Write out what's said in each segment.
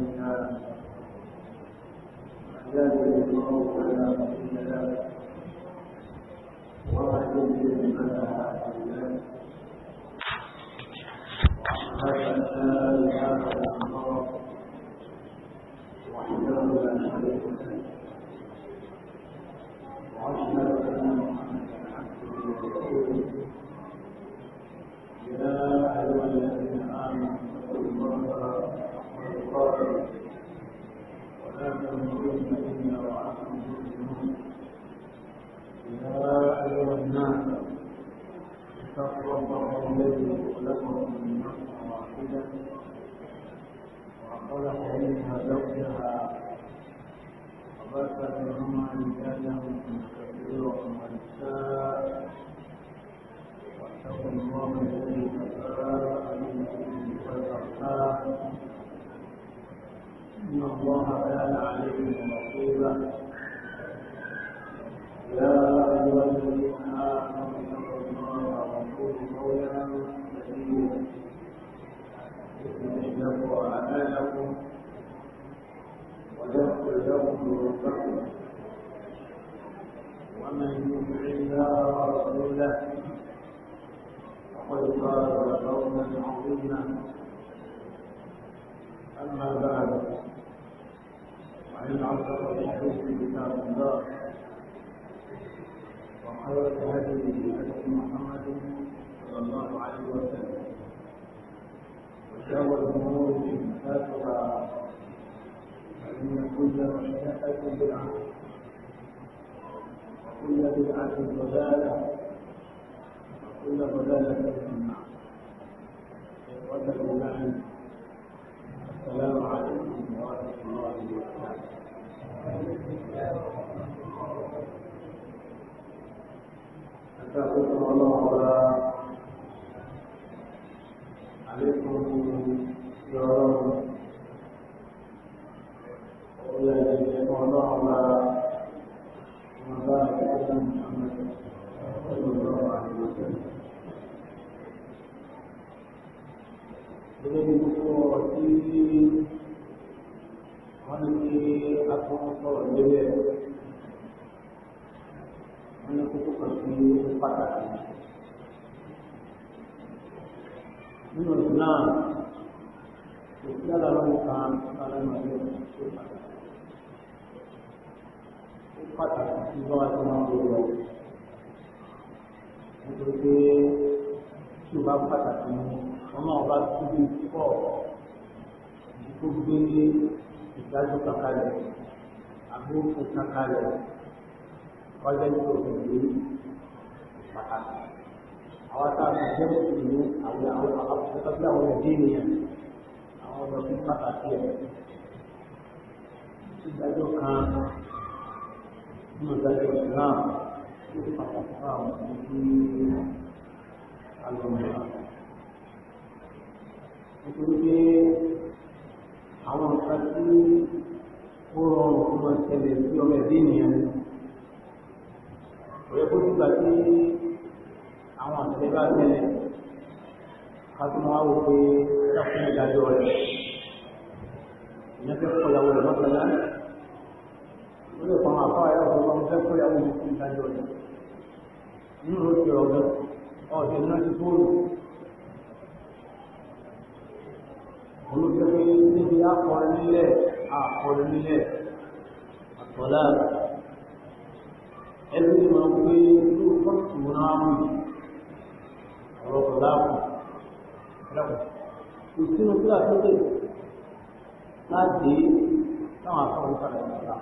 بها احتاج اليه فلا مضل له ومن يضلل فلا هادي Mm-hmm. عليه وسلم الأمور محدثاتها فإن كل محدثة بدعة وكل بدعة ضلالة وكل ضلالة في النار إخوة الإيمان السلام عليكم ورحمة الله وبركاته. أتاكم الله àlékún ìrọ̀rùn orí ẹ̀jẹ̀ ọlọ́run lára wọn bá ẹ̀kọ́ Jadi buku di mana di aku kalau jadi mana buku pasti patah nínú ìlú náà kò sí àlàlọ́wọ́ kan lálẹ́nu ọjọ́ tó pàtàkì. Ó pàtàkì sí bá wa tó máa ń lò lọ. Nítorí pé tí o bá pàtàkì ní ọmọ ọba tó bí pọ̀ tó gbé ìdájọ́ kankalẹ̀ àbúrò kankalẹ̀ ọjọ́ tó gbé pàtàkì àwọn táwọn ẹgbẹ́ mùsùlùmí àwọn àwọn àkọsí àwọn ẹ̀dẹ́ ènìyàn àwọn ọmọ sí pàtàkì ẹ̀ ìdájọ́ kan nínú ìdájọ́ islam ló pàtàkì fún àwọn ọmọ sí alọ́mọlá nítorí pé àwọn nǹkan tí ó rọrùn fún ọmọ ìṣẹ̀lẹ̀ ọmọ ẹ̀dẹ́ ènìyàn rẹ̀ kó tí àwọn àtẹ̀lé bá tẹ̀lé ká tó máa wò pé ká fún ìdájọ́ rẹ̀ ìyẹn fẹ́ kọ́ ìyàwó rẹ̀ lọ́sọ̀lá ó lè fọ́n àfọ́ àyà òkú wọn fẹ́ kọ́ ìyàwó rẹ̀ fún ìdájọ́ rẹ̀ nínú ló ti ọ̀sẹ̀ náà ti fóònù olùkẹ́kẹ́ níbi akọrin nílẹ̀ akọrin nílẹ̀ àtọ́lá ẹni máa ń gbé lóòótọ́ náà mú yìí ọ̀rọ̀ kò láàbù kò sínú tí a tóbi láti táwọn afọ́n sàrẹ̀ nípa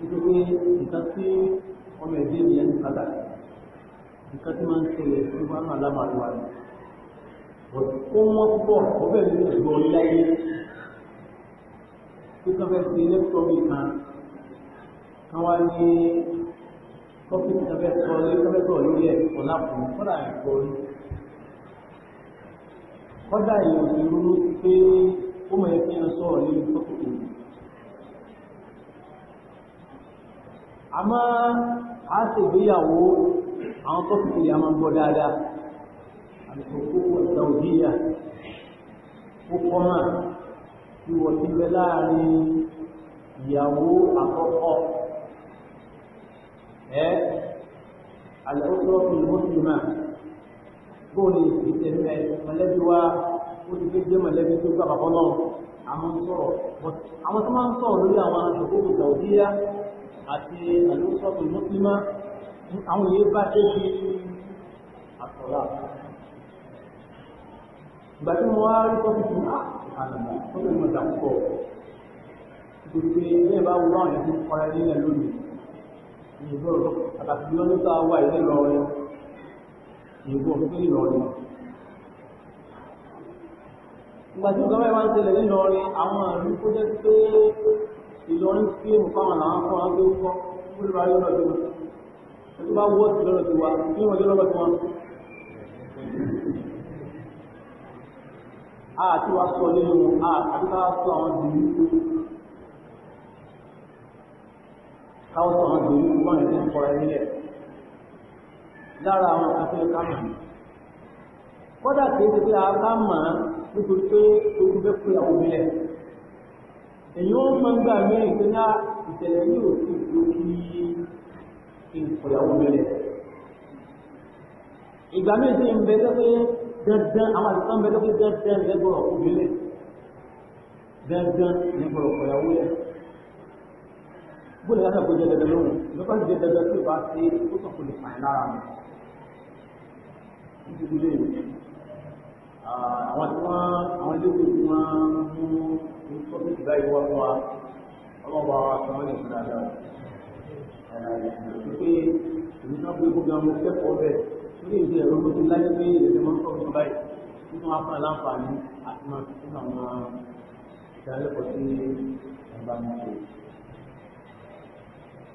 nítorí nǹkan tí ọmọ ẹ̀dẹ́ ènìyàn ń padà nǹkan tí máa ń ṣẹlẹ̀ tí wọ́n máa lámàlúwa ni ó wọ́n pọ̀ ọbẹ̀ mi ò gbọ́ láyé tí kan fẹ́ ṣe lẹ́kọ̀ọ́ mi kan kan wá ní tọ́pì tí ẹgbẹ́ sọ lórí ẹgbẹ́ sọ lórí ẹ̀ ọ̀la kù kọ́dà ẹ̀kọ́ rí kọ́dà èèyàn ti rú pé ó mọ̀ ẹ̀fẹ́ yẹn sọ̀rọ̀ lórí tọ́pì tó àmọ́ a ṣe ìgbéyàwó àwọn tọ́pì tó yà máa ń gbọ́ dáadáa àlùkò kókó ọ̀dà òbíyà ó kọ́ máa ìwọ̀ ti bẹ láàrin ìyàwó àkọ́kọ́ الأسرة المسلمة bóòlù ìtẹ̀lẹ̀ mọ̀lẹ́bí wa ó ti gbé mọ̀lẹ́bí tó gbà bàbọ́ náà àwọn sọ̀rọ̀ àwọn tó máa ń sọ̀rọ̀ lórí àwọn àṣòkòrò gàùdíyà àti àlùsọ̀tò mùsùlùmá àwọn èyí bá ṣe fi àsọ̀rọ̀ ìgbà tí mo wá rí tọ́sí fún àlàmà tó lè mọ̀ dà púpọ̀ gbogbo ẹ̀ bá wúrọ̀ àwọn ẹ̀sìn kọ́ra nílẹ̀ lónìí ìgbọ́ àtàkì lọ́dún tó wà ilé Ìlọrin ìgbọ́ tó ní Ìlọrin ìgbà tí ìgbọ́n mẹ́wàá ń tẹ̀lẹ̀ ní Ìlọrin àwọn àrùn tó jẹ́ pé Ìlọrin sí èmù káwọn làwọn fún wọn tó kọ́ fún ìlú ayé lọ́dún wọn tó bá wọ́ sí lọ́dún tiwa kí wọ́n jẹ́ lọ́dún wọn àti wàá sọ nínú àti sọ àwọn ìlú káwọ́ tó àwọn ìgbèrú gbọ́n ní ìfọ́ ẹlẹ́ lára àwọn akẹ́kọ̀ọ́ ká mà kódà kìí ti pé a ká mà nítorí pé ogun fẹ́ pé àwọn obìnrin èyí ó máa ń gbà mẹ́rin pé ná ìṣẹ̀lẹ̀ yìí ò sì tó kí ìfọ̀yàwó obìnrin ìgbà míì ti ń bẹ pé dandan àwọn àtìkọ́ ń bẹ pé dandan lẹ́gbọ̀rọ̀ obìnrin dandan lẹ́gbọ̀rọ̀ ìfọ̀yàwó yẹn bó lè lọ́sọ̀ kó jẹ dandan lóhùn lọ́sọ̀ jẹ dandan tó bá ṣe ó sọ kò lè pààyàn lára mi. ní ti dúró èyí àwọn tí wọ́n àwọn ilé ìwé tí wọ́n mú ní sọ́fíìsì báyìí wọ́n fún wa ọlọ́run bá wa sọ wọ́n lè fún dáadáa. pé èmi náà gbé gbogbo àwọn akẹ́kọ̀ọ́ bẹ̀ lórí ìdí ẹ̀rọ mo ti láyé pé èdè máa ń sọ fún báyìí nínú afọ aláǹfààní àti máa fi fún àwọn ìdálẹ́kọ̀ọ́ sí ẹ̀bá mi ṣe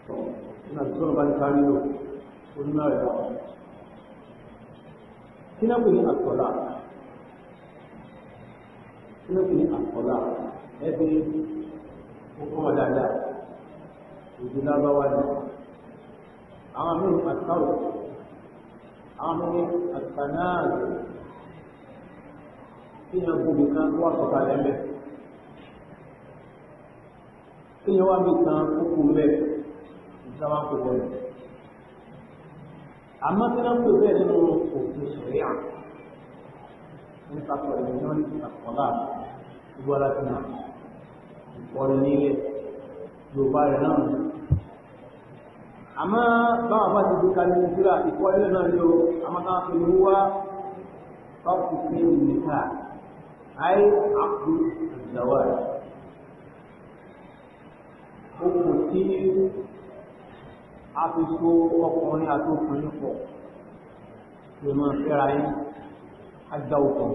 nígbà tí sọ́nà bá ní ká nílò onímọ̀ rẹ̀ lọ. kí náà pè ní àkọlà kí náà pè ní àkọlà ẹbí ọkọ wọn dáadáa ìdí lábáwá ni àwọn mìíràn àtàwọn àwọn sábà kó bẹ́ẹ̀. àmọ́ tí wọ́n pè bẹ́ẹ̀ nínú òfin ṣẹ̀rí à ń sàkọ̀ ìrìnà ní àkọ́lá gbogbo ara ti nà ìkọ́ni nílẹ̀ yorùbá rẹ̀ náà nù. àmọ́ báwọn bá ti gbé kalẹ̀ ní síra ìkọ́ni náà ni o àmọ́ táwọn fi ní wá báwọn fi ní nìkan àyè àkú ìdáwà rẹ̀. ပုဂ္ဂိုလ်ကြီး a fi so ọkùnrin àti obìnrin pọ̀ lè máa fẹ́ra yín àgbà òkun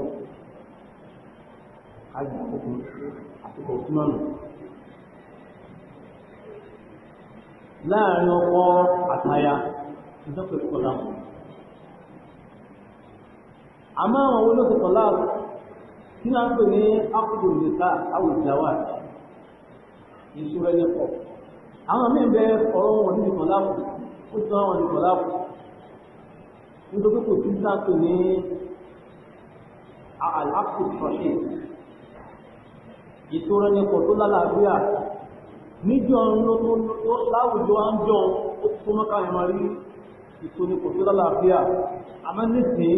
àgbà òkun àti òkúnmọ̀nù láàrin ọkọ àtaya ìjọpẹ̀ ìkọlá wọn àmọ́ àwọn olóòtú kí náà ń pè ní akùnrin nìta àwùjáwà ìṣúra àwọn míì bẹ ọ̀rọ̀ wọn ní ìkànlá kù ó tún àwọn ìkànlá kù nítorí kò tún sáàtò ní àlàkù ṣọṣẹ ìtura nípò tó lálàáfíà níjọ ló láwùjọ à ń jọ ó tó mọ́ká ẹ̀ máa rí ìtònípò tó lálàáfíà àmọ́ nísìnyí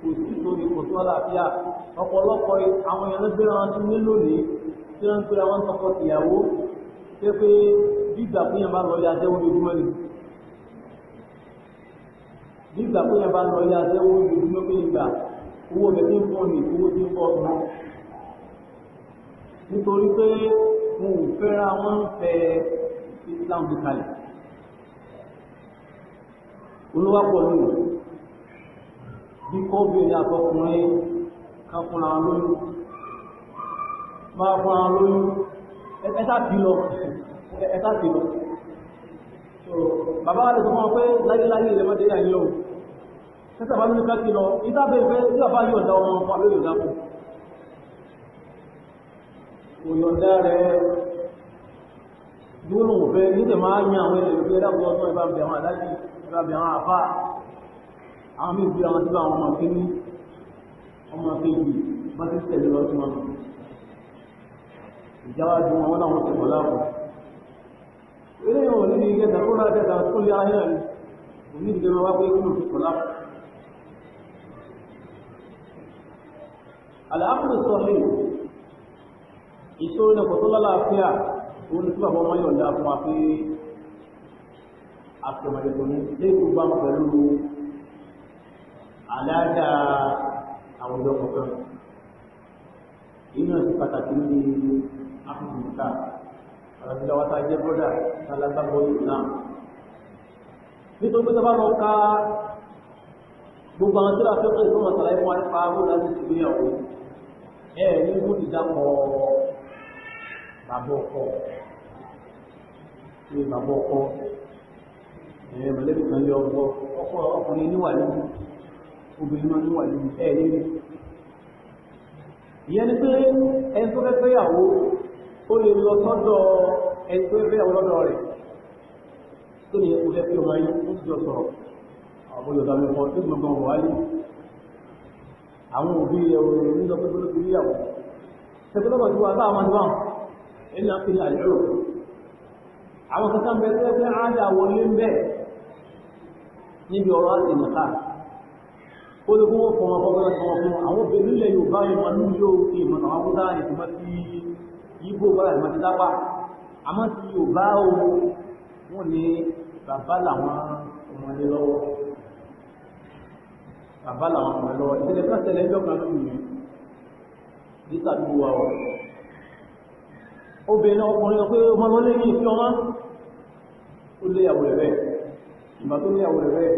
kò sí ìtònípò tó lálàáfíà ọ̀pọ̀lọpọ̀ àwọn èèyàn ló gbéra wọn ní tí wọ́n ń gbéra wọn tọkọ tìyàwó pé nígbà pé yẹn bá lọ ilé aṣẹ́wó lójúmọ́ ni nígbà pé yẹn bá lọ ilé aṣẹ́wó lójúmọ́ pé ìgbà owó rẹ̀ ti ń fọ́ ni owó ti ń fọ́ ọ̀nà nítorí pé mo ò fẹ́ra wọn fẹ́ Islam bí kalẹ̀ olówó pọ̀ lónìí bí kọ́bìnrin àtọkùnrin ká fúnra lóyún máa fúnra lóyún ẹ bí lọ ẹ̀ta sí lọ bàbá wa lè fún wọn pé láyéláyé ilẹ̀ mọ́tẹ́ yà yíyọ̀ sẹ́sẹ̀ bá lórí ká sí lọ ìdábẹ̀ ìfẹ́ tí bàbá yóò dá ọmọ ọmọ àbẹ́ yóò dá fún òyọ̀dá rẹ̀ dúró òfẹ́ nígbà máa ń yan àwọn ilẹ̀ ìfẹ́ dábọ̀ ọdún ìbá bẹ̀ àwọn àdájì ìbá bẹ̀ àwọn àfà àwọn mí ìgbé àwọn tí bá àwọn ọmọ kéní ọmọ kéjì bá ti tẹ̀lé lọ sí wọn ìjáwájú wọn wọn làwọn tẹ̀lé láwọn eléyìí wọn níbi ilé dàrúrà dẹ́ta tó lé ayé rẹ̀ kò ní ìdílé wa pé kúrò tó kọlá. àlàáfíà sọ̀rọ̀ ìṣòro ìdàpọ̀ tó lálàáfíà òun ni tí bàbá wọn yọ̀ǹda fún wa pé àtọ̀mọ̀lẹ̀ tó ní ilé ìgbà pẹ̀lú àdáadáa àwùjọ kọ̀ọ̀kan. inú ẹ̀sìn pàtàkì ní áfíríkà àbí lọ́wọ́ tá a jẹ́ bọ́dà alágbàgbọ́ islam nítorí pé tó bá lọ ka gbogbo àwọn tí wọ́n fẹ́ pé ìfowópamọ́ sàlàyé fún wa nípa owó láti ṣègbéyàwó ẹ̀ ní wọ́n ti dápọ̀ bàbá ọkọ ní bàbá ọkọ ẹ̀ mọ̀lẹ́bí kan lé ọkọ ọkọ ọkùnrin níwà lóhùn obìnrin máa níwà lóhùn ẹ̀ nílé ìyẹn ni pé ẹni tó fẹ́ fẹ́yàwó ó lè lọ sọ́dọ̀ ẹni tó fẹ́ ọlọ́dọ̀ rẹ̀ tó ní ẹkùn fẹ́ ọmọ yìí ó ti jọ sọ̀rọ̀ àwọn tó gbogbo ọmọ wálé àwọn òbí ẹ̀rọ ní lọ pẹ́pẹ́ lóbi níyàwó tí wọ́n bá àwọn àdúrà ẹni náà fi àwọn kankan bẹ tó fẹ́ áádà wọlé ń bẹ̀ níbi ọ̀rọ̀ àti nìkan ó lè kó wọn fọmọ fọmọ fọmọ fún àwọn obìnrin nílẹ̀ yorùbá ibo bá ẹ̀mọ́ ti lápá àmọ́ tí yóò bá o wọ́n ní bàbá làwọn ọmọdé lọ́wọ́ bàbá làwọn ọmọdé lọ́wọ́ ìṣẹ̀lẹ̀ kan ṣẹlẹ̀ ẹjọ́ kan lórí mi níta dúró wa o obìnrin ọkùnrin sọ pé ọmọ lọ́lé ní ìfi ọmọ ó léyàwó rẹ̀ bẹ́ẹ̀ ìgbà tó léyàwó rẹ̀ bẹ́ẹ̀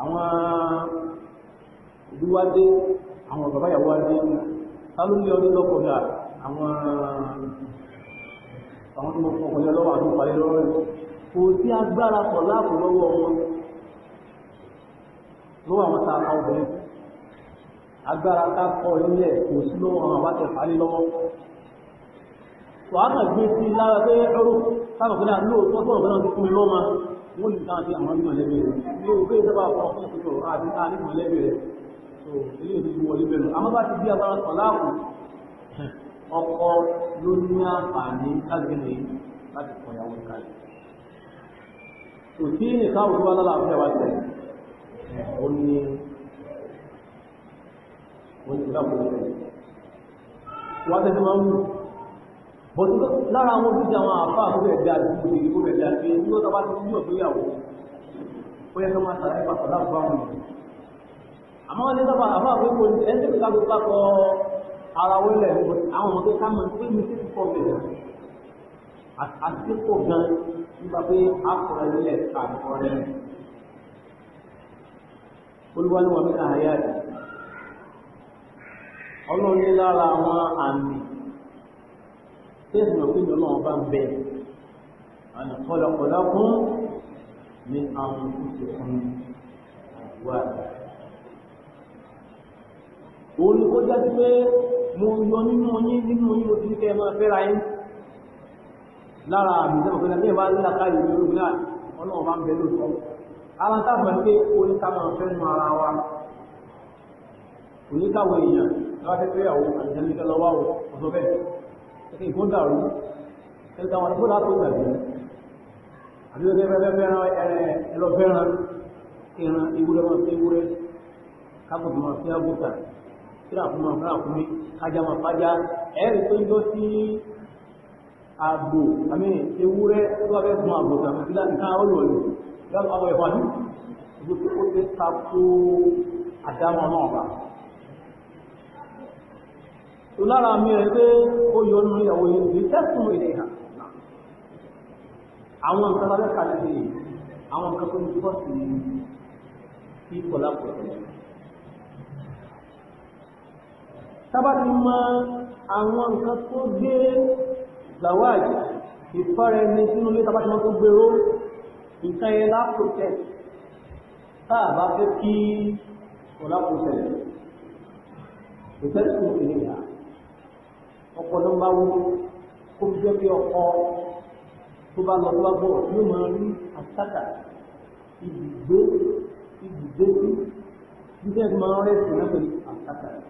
àwọn ìlú wa dé àwọn bàbá ìyàwó wa dé ta ló lé ọdún lọ́kọ̀ọ́ dáa àwọn àwọn tó mọ̀ fún ọkùnrin ọlọ́wọ́ àti ìpàdé lọ́wọ́ rẹ̀ kò sí agbára pọ̀ láàpù lọ́wọ́ wọn lọ́wọ́ àwọn tá a ka obìnrin agbára ká kọ́ nílẹ̀ kò sí lọ́wọ́ àwọn àbátẹ̀ parí lọ́wọ́ wàá kàn gbé sí lára pé ọrọ̀ táwọn ọ̀gbìn náà lóòótọ́ tó ọ̀gbìn náà tó fún ọkọ ló ní àǹfààní káàkiri láti kọ ìyàwó kalẹ̀. kò sí nìkan òkú wa lọ́la àfihàn wa tẹ̀ ó ní wọ́n ti dáàbò rẹ̀. wọ́n tẹ́tí máa ń wù. bọ́dú lára àwọn ojúṣe àwọn àfáà tó bẹ̀rẹ̀ dáa ju òdìrí tó bẹ̀rẹ̀ dáa pé ní wọ́n tọ́ba ti ní ọ̀gbéyàwó ó yẹ kó máa sàrẹ́ pàtàkì láàbù báwọn ènìyàn. àmọ́ wọ́n ti sábà àfáà pé kò ẹni tó ara wọn lẹ̀ níbo àwọn ọmọ tó ká mọ̀ pé mi ti pọ̀ bẹ̀rẹ̀ àtìkò gan nígbà pé akọ̀rọ̀ nílẹ̀ ká nǹkan rẹ̀. olúwaníwọ̀n mi náà yá rẹ̀ ọlọ́run ní lára àwọn àmì tẹ́sán òfin ọlọ́run bá ń bẹ̀ àná kọlọkọlọ kún ní àwọn òkú tó kún àdúrà rẹ̀ òun ni kó jẹ́ sí pé mo yọ nínú yín nínú yín mo ti ní kẹ́ ẹ máa fẹ́ra yín lára àmì náà fẹ́ra bí ẹ bá nílá káyọ̀ ní olóògùn náà ọlọ́run bá ń bẹ lóòótọ́ ara tá a mọ̀ pé orí ká máa fẹ́ nu ara wa òní káwọn èèyàn lọ́wọ́ fẹ́ fẹ́ àwọn àjẹmíkẹ́ lọ́wọ́ ọ̀sọ̀ bẹ́ẹ̀ ẹ̀kẹ́ ìfọ́n dàrú ẹ̀ka wọn tó látó gbàgbé àbí ó fẹ́ fẹ́ràn ẹ̀rọ fẹ́ràn ìran ewúrẹ́ kíláàkúmọ̀ kíláàkúmí kájàmọ̀ fájá ẹ̀rì tó ń lọ sí àgbò àmì ewúrẹ́ tó wà fẹ́ gun àgbò tàbí kí láti káà ọ̀rọ̀ ni lọ́pọ̀ àwọn ẹ̀fọ́ àdúgbò gbogbo tó kó tẹ́ ta kó àdámọ̀ náà bá. tó lára mi rẹ̀ pé ó yọ nínú ìyàwó yìí ní tẹ́sùn ilẹ̀ ìhà àwọn nǹkan lábẹ́ kàlẹ́ àwọn nǹkan tó ń túbọ̀ sí ipò lápò tábà ti mọ àwọn nǹkan tó gbé zawaj ìfẹ́rẹ̀ ní sínú ilé tábà ti wọ́n tó gbèrò nǹkan yẹn lá protest táà bá fẹ́ kí ọ̀la protest ìfẹ́rẹ̀ sínú ìlera ọkọ̀ ló ń bá wú kó fi jẹ́ pé ọkọ̀ tó bá lọ bá yóò máa rí àtàkà ibùgbé ibùgbé sí bí bẹ́ẹ̀ máa rẹ̀ sí náà àtàkà rẹ̀.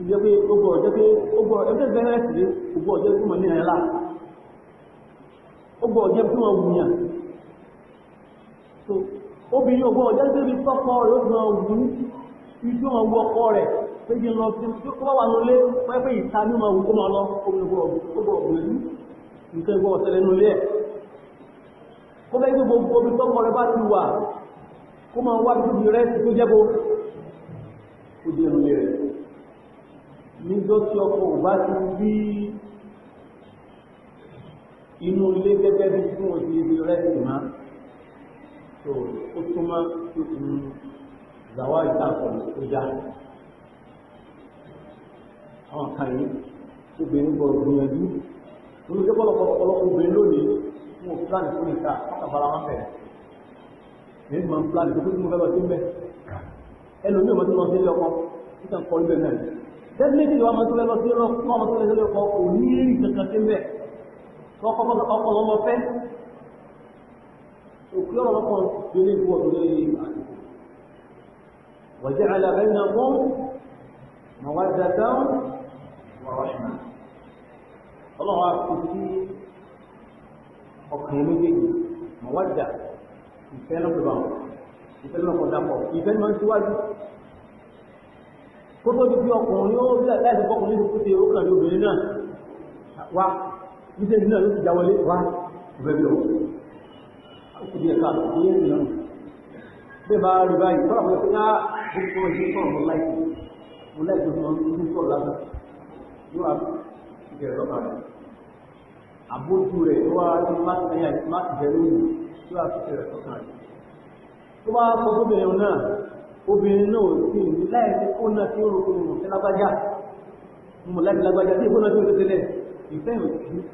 ìjẹ́ pé ogun ọ̀jẹ́ pé ogun ẹgbẹ́ bẹ̀rẹ̀ sí ogun ọ̀jẹ́ tó mọ̀ ní ẹ̀lá ogun ọ̀jẹ́ tó mọ̀ wùyàn so obìnrin ogun ọ̀jẹ́ tó rí tọ́pọ̀ rẹ̀ ó gan wù ní tó mọ̀ wù ọkọ rẹ̀ péjì lọ sí tó wà lólé pẹ́pẹ́ ìta ní mọ̀ wù kó mọ̀ lọ ogun ọ̀gbẹ̀lú nǹkan ìgbọ́ ọ̀tẹ̀lẹ̀ nulẹ̀ kó bẹ́ẹ̀ gbogbo omi tọ́pọ̀ rẹ̀ bá ti wà kó mọ̀ wá bí rẹ̀ níjọ́ tí ọkọ ò bá ti rí inú ilé gẹ́gẹ́ bí fún òsì ibi rẹ́sì máa tó ó túmọ̀ tó ti mú zàwá ìtàkùn tó já àwọn kan yìí obìnrin bọ̀ gbìyànjú lórí tó pọ̀lọpọ̀ ọ̀pọ̀lọpọ̀ obìnrin lónìí fún òfúlàní fún ìta ọkàbàlà wọn fẹ̀rẹ̀ nínú ìmọ̀ fúlàní tó kú tí mo fẹ́ lọ sí mẹ́ ẹlòmíràn tó lọ sí ilé ọkọ nítorí kọ́ ibẹ̀ náà dad méjì wà mọ́tò lẹ́lọ sí ọlọ́ fún ọmọ tó lẹ́lọ lẹ́kọ̀ọ́ kò ní rí kankan sí mẹ́ tọkọ mọ́tò ọkọ̀ lọ́mọ fẹ́ òkú ọ̀rọ̀ lọ́kọ̀ tó lé ìwọ̀ tó lé ìlú àti wàjẹ́ alàbẹ́ náà mọ́ mawadata wa rahma ọlọ́wọ́ àkùsí ọkàn méjèèjì mawadda ìfẹ́ lọ́pọ̀ ìfẹ́ lọ́pọ̀ dàpọ̀ ìfẹ́ lọ́pọ̀ síwájú kó tó di bí ọkùnrin ó bí láti fọkùnrin tó kúte ó kàn ní obìnrin náà wá níṣẹ́ ìdílé ló ti já wọlé wá bẹ́ẹ̀ bí ọwọ́ kò bí ẹ̀ka àti ìyẹn ìlànà bẹ́ẹ̀ bá rí báyìí tọ́lá fún ẹ̀ka gbogbo ẹ̀ṣẹ́ sọ̀rọ̀ mọ́ láìpẹ́ mo láìpẹ́ mọ́ ní sọ̀rọ̀ lásán yóò wá ìbẹ̀rẹ̀ lọ́kàn rẹ̀ àbójú rẹ̀ ló wá ní má ti bẹ̀rẹ̀ lónìí yóò wá ìbẹ̀rẹ̀ lọ́kàn rẹ̀ tó bá sọ fún bẹ̀rẹ̀ náà obìnrin náà ti ní láì ní kó náà tí ó rò pé mo fẹ́ lágbájá mo láti lágbájá tí ìbọn náà tí ó tẹ́lẹ̀ ìfẹ́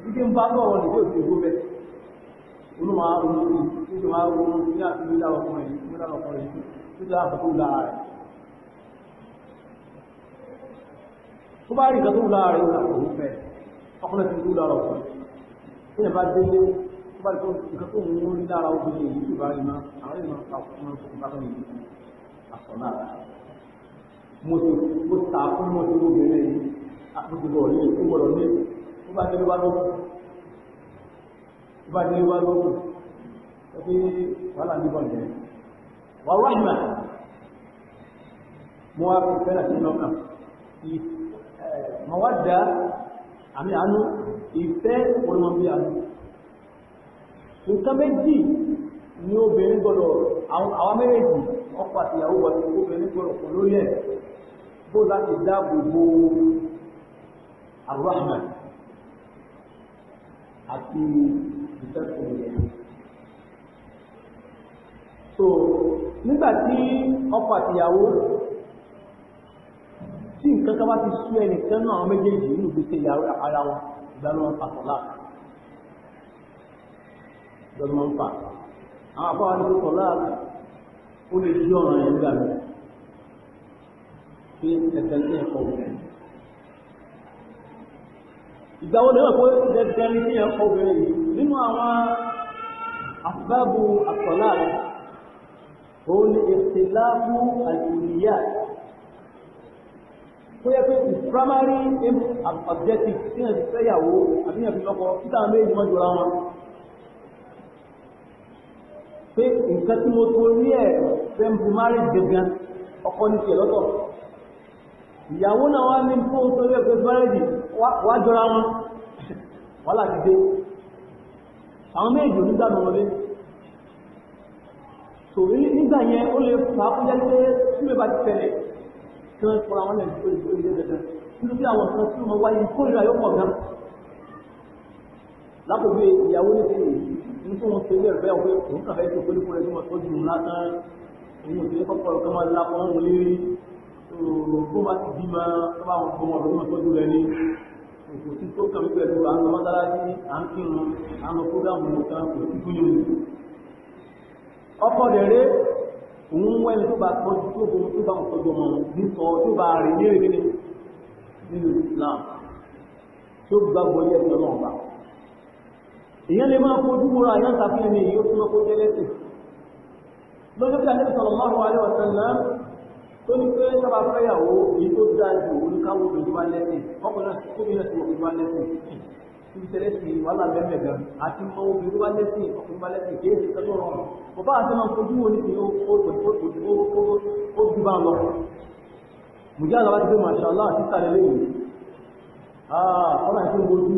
ìdí ń bá bọ̀ wọn ní bí ó ti gbó bẹ́ẹ̀ olú máa ronú ní tí ó máa ronú tí ó dára fún tó lára ń rí ìkan tó yìí tó máa àwọn ènìyàn kà fún ọkùnrin àkọ́lá mo ti mo ta fún mo ti obìnrin yìí àkójọpọ̀ ọ̀lẹ́ tó gbọ́dọ̀ ní tó bá délé wá lókù tó bá délé wá lókù ẹ pé wàhálà níbọ̀ nìyẹn wà wá ìmọ̀ mo wá fi fẹ́ràn sí lọ́kàn mo wá da àmì àánú ìfẹ́ olùmọ̀bí àánú nǹkan méjì ni obìnrin gbọ́dọ̀ àwọn méjèèjì ọkọ àtìyàwó wà ní obìnrin gbọ́dọ̀ pọ̀ lórí ẹ̀ bó láti dáàbò bo arahman àti ìfẹ́kùn rẹ̀. so nígbà tí ọkọ àtìyàwó tí nǹkan kan bá ti sú ẹnìkan náà àwọn méjèèjì nínú gbèsè ìyàwó ara wọn ìdáná wọn fà sọlá ìdáná wọn fà àwọn àbáwọn ní sọlá ó lè jí ọ̀ràn yẹn gbà mí pé ẹ̀sẹ̀ ní ẹ̀kọ́ obìnrin. ìgbà wo lẹ́wọ̀n pé ẹ̀sẹ̀ ní ní ẹ̀kọ́ obìnrin yìí nínú àwọn àfibábù àkọ́lá rẹ̀ òun ni ìṣèláàbù àìsìníyà ó yẹ pé primary aim objective ti fẹ́ yàwó àbí yẹn fi lọ́kọ títà méjì mọ́jọ́ra wọn pé nǹkan tí mo torí ẹ̀ fẹ́ ń bu márùn gẹ̀gàn ọkọ ní tiẹ̀ lọ́tọ̀ ìyàwó náà wá ní fóun torí ẹ̀ fẹ́ márùn wá jọra wọn wọ́n láti dé àwọn méjì onígbàgbọ́ wọlé tòrí nígbà yẹn ó lè fà á kó jẹ́ pé tí mi bá ti tẹ̀lé kí wọ́n fọra wọn lẹ́nu tó lè tó lè dẹ́gbẹ̀dẹ́ nítorí àwọn kan tí mo wáyé kórìíra yóò pọ̀ gan lápòjú ìyàwó ní ti ní tí wọ́n ṣe ilé ẹ̀fẹ́ ọ̀pẹ́ òun kàn fẹ́ ṣòfò nípò rẹ̀ tí wọ́n tọ́jú ńlá tán òun ò sí kọ́kọ́rọ́ kan máa lápọ̀ wọn lérí tó bá ti bí máa tó bá wọn gbọmọ ọ̀dọ́ wọn tọ́jú rẹ̀ ní kò sí tó kàn wípé ẹ̀dùn àwọn mọ́sálásí à ń kírun àwọn prógámù nìkan kò sí kúnyìn ní. ọkọ rẹ̀ òun ń wẹ́ni tó bá tọ́jú tó bá tó bá wọn tọ́jú ọmọ wọn ní sọ tó bá rè ní èrè nínú Islam tó gbàgbọ́ yẹ̀ fún ọlọ́run èyàn lè máa fojú mọ́ra èyàn tàbí ẹni èyí ó túnmọ́ kó jẹ́ lẹ́sìn lọ́jọ́ tí a ní sọ̀rọ̀ márùn-ún alẹ́ ọ̀sán náà tó ní pé sábà fẹ́yàwó èyí tó dáa ju òun káwọn obìnrin wá lẹ́sìn ọkùnrin náà tó bí lẹ́sìn obìnrin wá lẹ́sìn ibi tẹ́lẹ̀ sí wàhálà bẹ́ẹ̀ gan àti mọ obìnrin wá lẹ́sìn ọkùnrin wá lẹ́sìn kì í ṣe kẹ́tọ́ rọrùn bàbá àti máa fojú wo nítorí ó ju bá lọ mùjá àlọ́ wá ti pé màṣá aláà títà lẹ́yìn ah ọ̀nà ìṣòro ojú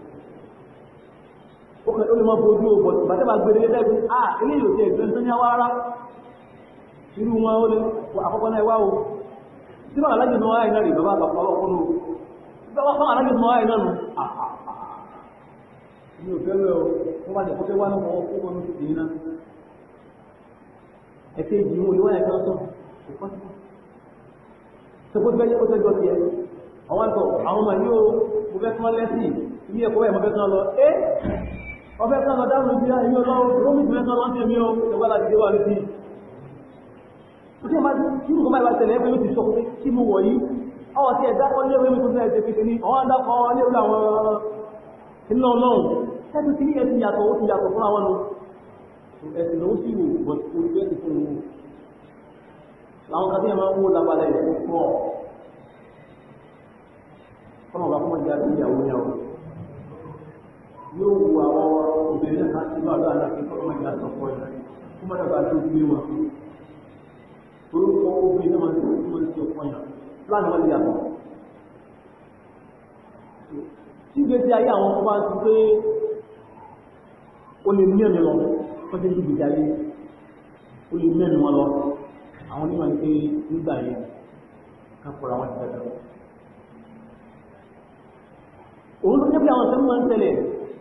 ó kẹ́ ó lè mọ́ fojú ọ̀pọ̀ bàtẹ́ bá gbèrè lẹ́gbẹ̀ẹ́ à ilé yóò tẹ̀ gbé sọ́nyá wá rárá irú wọn ó lè àkọ́kọ́ náà wá o tí bàbá alájẹ náà wáyé náà rè bàbá àgbà pàwọ́ ọkọ́ náà tí bàbá fún alájẹ náà wáyé náà nù àhà mi ò fẹ́ wẹ́ o wọ́n bá jẹ̀kọ́ fẹ́ wá lọ́wọ́ ó kọ́ ní ìdí náà ẹ̀kẹ́ ìdí wọn ìwọ́n ẹ̀kọ́ sọ kò sọ́kò bẹ́ẹ̀ ó tẹ́jọ́ tiẹ̀ àwọn àgbọ̀ àwọn ọmọ yìí ó mo fẹ́ kí wọ́n lẹ́sìn ilé ẹ̀kọ́ ẹ̀ mo fẹ́ kí lọ ẹ́ ọbẹ̀ kan lọ dáhùn ìgbéra ìwé ọlọ́run rómìtì mẹ́ta lọ́n tẹ̀mí o ìjọba láti dé wà lókè ó sì máa kí nǹkan báyìí bá tẹ̀lé ẹgbẹ́ yóò ti sọ pé kí mo wọ̀ yìí ọwọ́ sí ẹ̀dá kan léwé mi tó fẹ́ ẹ̀sẹ̀ kékeré ní ọwọ́ ẹ̀dá kan léwé àwọn iná ọlọ́run sẹ́tù kí ní ẹ̀sìn yàtọ̀ ó ti yàtọ̀ fún àwọn nu ẹ̀sìn ló sì wò bọ̀ orí ẹ̀sìn fún un làwọn kan tí ẹ máa ń wó labalẹ̀ ìfún ọ kọ́nà ọ̀gá fún ọjà ìyàwó ní àwọn yóò wu àwọn obìnrin náà láti bá ọlọ́run láti kọ́ ọmọ ìyá sọ̀kọ́ ẹ̀ kó má dàgbà tó gbé wọn. orúkọ obìnrin náà máa ń tó wọn sí ọ̀pọ̀ yàn láàrin wọn lè yàtọ̀. tí gbèsè ayé àwọn ọmọ bá ti pé o lè ní ẹ̀mí lọ wọ́n ti ń tó gbèsè o lè ní wọn lọ àwọn onímọ̀ ní pé nígbà yẹn ká kọ́ra wọn ti dàgbà. òun ló jẹ́ pé àwọn sẹ́nu máa ń tẹ̀lé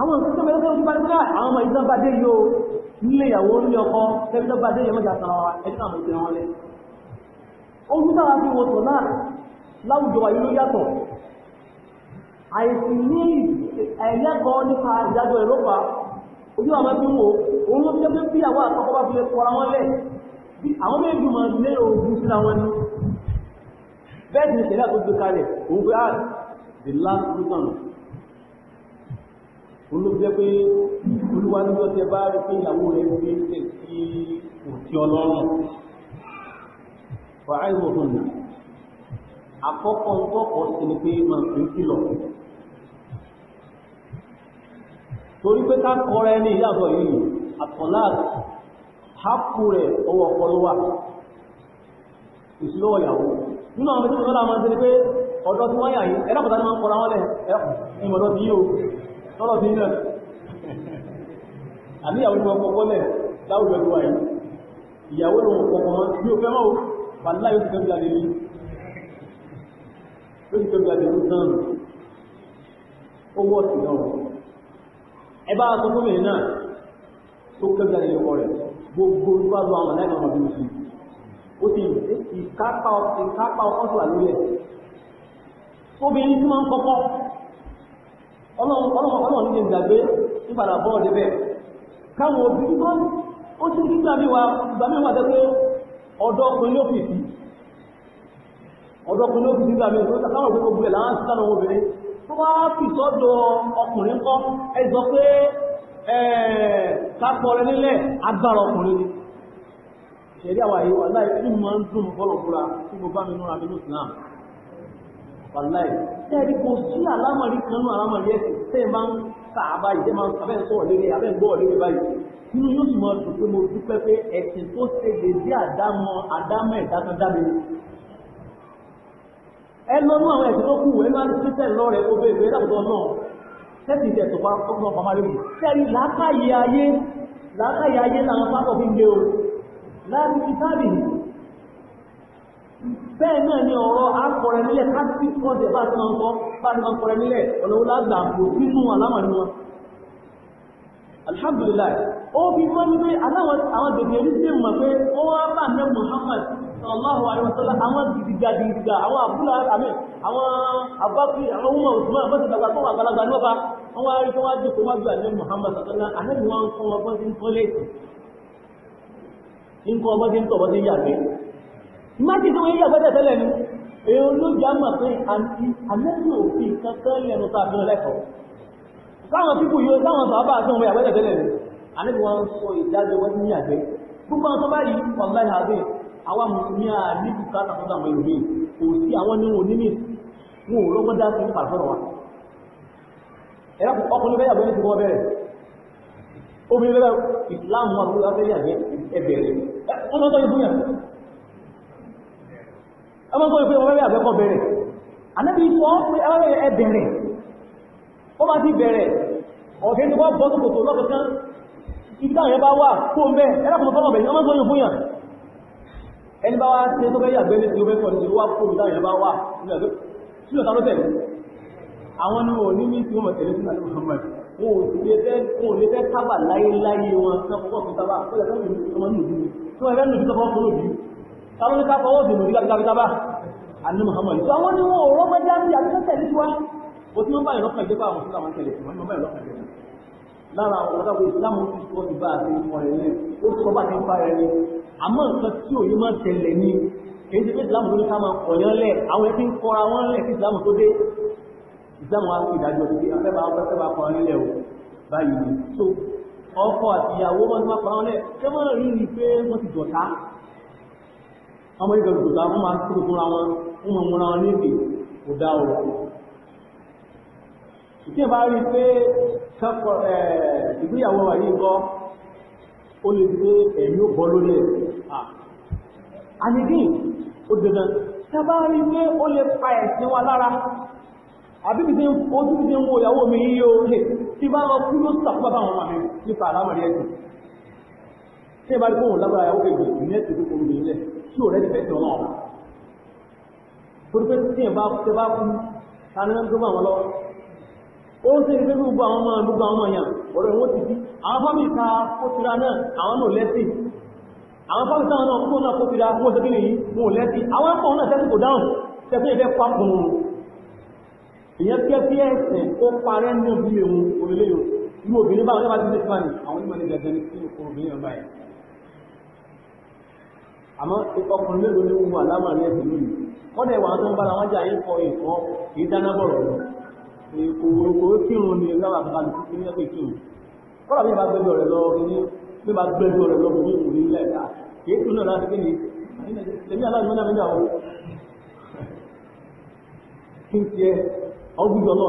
àwọn òṣìṣẹ́ mẹ́rin tó ń bá nípa àwọn ọmọ ìdán bá dé yóò nílé ìyàwó ní ọkọ tẹ́bí tó bá dé yẹmọ́jà sara wa ẹni náà mọ̀ ìpè wọn lẹ. ojú táwa fi wo tò náà láwùjọ wa ìlú yàtọ̀ àìsí ní ẹ̀lẹ́kọ̀ọ́ nípa ìdájọ́ ìlọ́pà ojú àwọn fi wo òun ló jẹ́ pé bí àwọn àkọ́kọ́ bá fi lè kọ́ra wọn lẹ̀ bí àwọn méjì mọ̀ lé ogun síra wọn ni bẹ́ẹ̀ ni ìṣẹ̀lẹ̀ tó gbé kalẹ̀ òun fi á ah, the last olóògbé pé olúwa níjọ́ tẹ bá rí pé ìyàwó rẹ̀ gbé tẹ̀ sí òtí ọlọ́run wàá ìwọ̀ hùn nà àkọ́kọ́ tọ́kọ̀ sí ni pé máa fi ń kìlọ̀ torí pé ká kọ́ra ẹni ìyàbọ̀ yìí àtọ̀láàtì hápù rẹ̀ ọwọ́ ọpọlọ wà ìṣúlọ́wọ̀ ìyàwó nínú àwọn ọmọdé tó lọ́la máa ń ṣe ni pé ọ̀dọ́ tí wọ́n yà yìí ẹ̀rọ̀pọ̀tà lọ́rọ̀ sí náà àní ìyàwó ni wọ́n kọ́kọ́ lẹ̀ láwùjọ tó wà yìí ìyàwó ni wọ́n kọ́kọ́ bí o fẹ́ mọ́ wàlá yóò ti fẹ́ gbàdé ní yóò ti fẹ́ gbàdé ní náà ó wọ́ sí náà ẹ bá sọ fún mi náà tó fẹ́ gbàdé ní ọkọ rẹ̀ gbogbo nípa lọ àwọn aláìmọ̀ ọmọdé mi sí ó ti ìkápá ọkọ̀ tó wà lórí ẹ̀ ọlọ́run ní ìgbàgbé nípadà bọ́ọ̀ débẹ̀ káwọn òbí gbọ́ ó ti gbígbà míwa ìgbà míwa tẹ́ pé ọ̀dọ́kùnrin ló fi sí ọ̀dọ́kùnrin ló fi sí gbà míwa tó káwọn òbí gbogbo ẹ̀ láwọn sí sáwọn obìnrin tó wá fi sọ́dọ̀ ọkùnrin kọ́ ẹ sọ pé kápọ̀ rẹ nílẹ̀ agbára ọkùnrin ni ṣẹ̀rí àwàyé wà láì fún mọ́ ń dùn fọ́lọ̀ fúra tí mo bá mi núra mi ní ìsìlámù wàláì tẹ́ẹ̀rí kò sí àlámọ̀rí kanú àlámọ̀rí ẹ̀sìn tẹ́ẹ̀ máa ń ta àbáyé tẹ́ẹ̀ máa ń sàbẹ́ sọ̀rọ̀ lórí abẹ́ gbọ́ lórí báyìí nínú yóò sì máa dùn pé mo dúpẹ́ pé ẹ̀sìn tó ṣe dèdé àdámọ̀ àdámọ̀ ẹ̀dá kan dá mi ẹ lọ́nú àwọn ẹ̀sìn tó kù ẹ máa ń ṣe tẹ̀ lọ́rẹ̀ ó bẹ̀rẹ̀ pé láwùjọ náà tẹ́sì ìṣẹ̀ tó kọ́ pamọ́ lórí tẹ́ẹ̀rí bẹ́ẹ̀ náà ni ọ̀rọ̀ akọrẹ nílẹ̀ káàkiri kọ́ọ̀dẹ̀ bá ti máa bá ti máa ọ̀nà olágbà àpò nínú àlámà ni bá Muhammad sallallahu àwọn àwọn àmì àwọn àwọn ọmọ dàgbà tó wà ní ọba wọn Muhammad sallallahu àlẹ́ ni wọ́n ń kọ́ ọgbọ́n ń tọ́lé ọgbọ́n ń tọ́ ọgbọ́n ń Ìmájì tí wọ́n yí àgbẹ́jẹ̀ tẹ́lẹ̀ ni, èèyàn ló já mà pé àti àlẹ́sì òfin kankan lẹ́nu tá a fi lẹ́kọ̀ọ́. Káwọn pípù yóò káwọn bàbá àti ọmọ àgbẹ́jẹ̀ tẹ́lẹ̀ ni, àníbi wọn sọ ìdájọ́ wọn ní àgbẹ̀. Gbogbo àwọn tó bá yìí ọ̀la ìhàbẹ̀, àwa mùsùlùmí à ní bùkátà fún àwọn ìlú yìí, kò sí àwọn ní wọn nímì, wọn ò lọ́gbọ́n dá sí pàṣọ́rọ̀ wa. Ẹ̀rọ ọkùnrin bẹ́yàgbé ní ti wọ́n bẹ̀rẹ̀. Obìnrin bẹ́ẹ̀ Ìsìláàmù àbúrò abẹ́rẹ́ àgbẹ̀ ẹ̀bẹ̀rẹ̀. Ọmọ tó yẹ fún yàrá ọmọ tó ìpé ọmọ bẹ́ẹ̀ àfẹ́kọ́ bẹ̀rẹ̀ anábì ìfọ́ pé ẹwẹ́ ẹ bẹ̀rẹ̀ ó bá ti bẹ̀rẹ̀ ọ̀dẹ́ ni wọ́n bọ́ tókòtò lọ́kọ̀ọ́kan ibi táwọn yẹn bá wà kó ń bẹ́ ẹlẹ́kùn tó bẹ̀rẹ̀ ọmọ tó yìn fún yàn ẹni bá wá tí ó tó bẹ́ yàgbẹ́ ní ìlúwẹ́ pọ̀ ní wá kó ìdá yẹn bá wà sílẹ̀ tá táwọn nípa fọwọ́ òdìmọ̀ sí kábíkábíkábá àní muhammadu tó àwọn níwọ̀n òró mẹ́já ń bí àdúgbò tẹ̀lé tiwa ó ti mọ́ báyìí lọ́kàn ìgbé bá àwọn sí àwọn tẹ̀lé tiwa ní mọ́ báyìí lọ́kàn ìgbé lára àwọn ọ̀dọ́ ìsìlámù ti sọ ti bá àti ìfọ̀ rẹ̀ ní ó sọ bá ti ń fa rẹ̀ ní àmọ́ nǹkan tí òye máa tẹ̀lẹ̀ ní èyí ti pé ìsìlámù tó ní ká máa kọ̀yán lẹ̀ àwọn ẹbí ń kọra wọn lẹ̀ kí ìsìlámù tó dé ìsìlámù wa fi ìdájọ́ ti dé afẹ́ máa fẹ́ máa kọra nílẹ̀ o báyìí ni so ọkọ àti ìyàwó wọn ti máa kọra wọn lẹ̀ ṣé wọ́n rí ni pé wọ́n ti dọ̀tá ọmọ ìgbàlùkùtà wọ́n máa kúrò fúnra wọn wọ́n mọ̀ múra wọn níbi kò dá ọ̀rọ̀ ìtí ẹ̀ bá rí pé ìgbéyàwó wà yìí kọ́ ó lè gbé ẹ̀mí ó bọ́ lórí ẹ̀ àníkí ó dandan tẹ́ bá rí pé ó lè pa ẹ̀sìn wa lára àbí kìí ó tún ti ń wo ìyàwó mi yí o lè tí bá lọ kú ló sàkúbà bá wọn mi nípa àlámọ̀rí ẹ̀sìn tí ẹ rí pé òun lágbára ìyàwó kejì ìrìnẹ́sì tó kọlu tí ò rẹ́ni fẹ́ẹ́ tọ̀nà ọ̀la torí pé tí ẹ̀ bá tẹ bá kú ta ni wọ́n tó bá wọn lọ ó ń sèké gbogbo àwọn ọmọ gbogbo àwọn ọmọ yàn ọ̀rọ̀ ìwọ́n ti di àwọn fámìlì ta kófìrà náà àwọn náà lẹ́sìn àwọn fámìlì táwọn náà kókó náà kófìrà fún ọ̀sẹ̀ kìnìyí wọn ò lẹ́sìn àwọn ẹ̀kọ́ náà sẹ́sìn kò dáhùn sẹ́sìn ìfẹ́ pàkùn èèyàn kẹ́kẹ́ ẹ̀sìn ó parẹ́ ní òbí lè hun yòó irú obìnrin báwọn ẹ̀ ti dé fún àwọn onímọ̀ ní gẹ̀gẹ̀ ní sí òkú obìnrin àmọ́ ọkùnrin mélòó ní wúwo àlámà ní ẹ̀sìn lónìí wọ́n dẹ̀ wà tó ń bára wọn jà yín kọ ìfọ́n kì í dáná bọ̀rọ̀ lọ kò kírun ni lára bàbá mi kí ní ẹgbẹ́ kírun kọ́lá mi bá gbẹ́jọ rẹ̀ lọ kí ní mi bá gbẹ́jọ rẹ̀ lọ kò ní ìwòrí lẹ́ẹ̀ka kì í tún náà láti kí ni lèmi aláàbí mọ́nà méjì àwọn kí n tiẹ̀ ọgbùjọ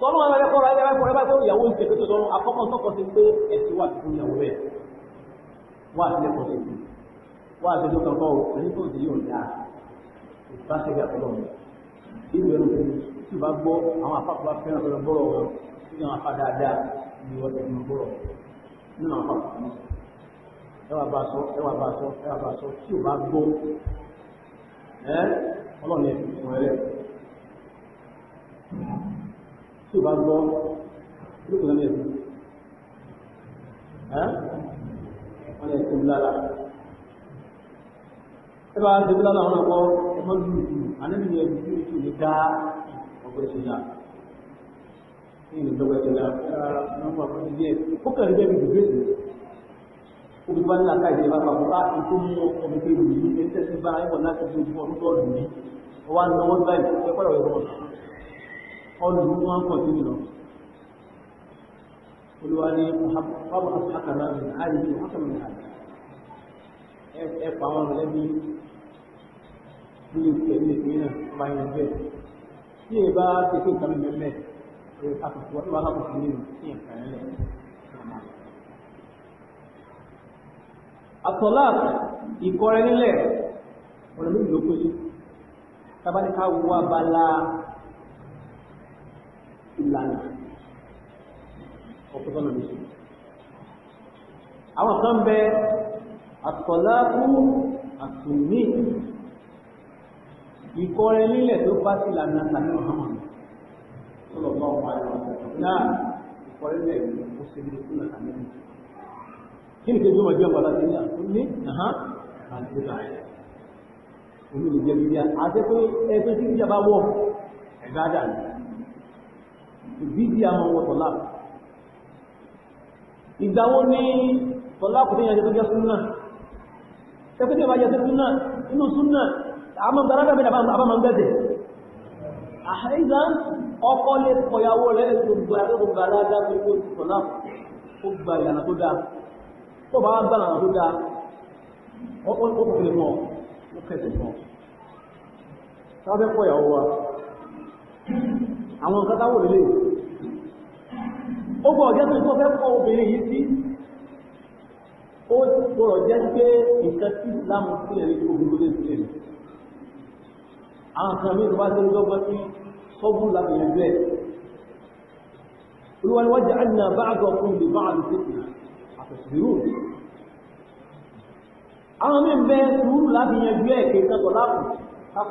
tọ́lọ́ wọn bẹ kọ́ra ẹgbẹ́ kọ́ra ẹgbẹ́ kọ́ra ìyàwó ìṣe pé tọ́lọ́ akọ́kọ́ sọ́kọ́ sí pé ẹ̀sìn wà fún ìyàwó rẹ̀ wà sí ẹ̀kọ́ sí i wà sí ẹ̀kọ́ kan kọ́ o ẹni tó ti yóò dáa ìfà ṣe gbà tọ́lọ́ mi ìlú ẹnu tó ti bá gbọ́ àwọn afáfúwa fẹ́ràn tó tí o bá gbọ́ ló kò lọ́nà ẹ̀sìn wọ́n lè tó lára ẹ bá tó lára wọn kọ́ ọmọ yìí àníbi yẹn bí yóò tún lè dá ọgbẹ́ sí náà ní ìlú lọ́gbẹ́ sí náà nọ́mbà fún ilé ó kàn rí bẹ́ẹ̀ bí gbèsè obi bá ní àká ìdílé bá pa kó bá ètò mú ọmọ pé ìlú ní ẹsẹ̀ sí bá ẹ̀kọ́ láti fi ojú ọdún tó ọdún yìí wọ́n wá ní ọwọ́ báyìí ẹ̀kọ́ ìwé ọdún ọlù ní wọ́n kọ̀ sínú lọ. olúwa ní ọmọ akàrà mi àyè ní akàrà mi àyè ẹ pa àwọn ọ̀rẹ́bí ní ìpè ní ìpè náà ọba yẹn bẹ́ẹ̀. tí èyí bá ti pé nǹkan mi mẹ́mẹ́ ẹ àkùkù wọn wà nínú sí nǹkan ẹ̀ lẹ̀. àtọ̀lá ìkọrẹ nílẹ̀ ọ̀rẹ́ mi ló pé tábàlíkà wọ abala ìlànà ọ̀pọ̀ sọ́nà méjì àwọn kan bẹ àtọ̀láàkú àtùmí ìkọrẹ nílẹ̀ tó bá sí ìlànà tàbí ọ̀hánmà lọ́lọ́gbọ́n ọ̀pá náà ìkọrẹ nílẹ̀ ó ṣe ní ìkúnlẹ̀ tàbí kí ni kejì ó máa jẹ́ ọ̀pá láti ní àtúnmí àhán àti ìbídí àwọn ọmọ tọ̀lá ìgbàwó ní tọ̀lá kò tíyàn jẹ́ tó jẹ́ súnnà ṣẹ́kùn tí a bá jẹ́ súnnà inú súnnà àmọ́ gbàrágbà bẹ̀rẹ̀ àbámọ́ gbẹ̀dẹ̀ àìzá ọkọ lè kọyàwó rẹ̀ gbogbo gbàrágbà gbogbo tọ̀lá ó gba ìlànà tó dáa tó bá gbà ìlànà tó dáa ó kọ̀kọ̀ lè mọ̀ ó kẹsẹ̀ mọ̀ sábẹ́ kọyàwó àwọn nǹkan táwọn òlè ó gbọ́ ọ̀jẹ́ tó fẹ́ kọ́ obìnrin yìí sí ó gbọ́dọ̀ jẹ́ pé nǹkan tí Islam sílẹ̀ ní obìnrin lè sílẹ̀ ní àwọn nǹkan mìíràn bá tẹ́lẹ̀ lọ́gbọ́n sí sọ́gbùn lábìyàn bẹ́ẹ̀ olúwàlúwàjá àdínà bá àgọ́ fún bá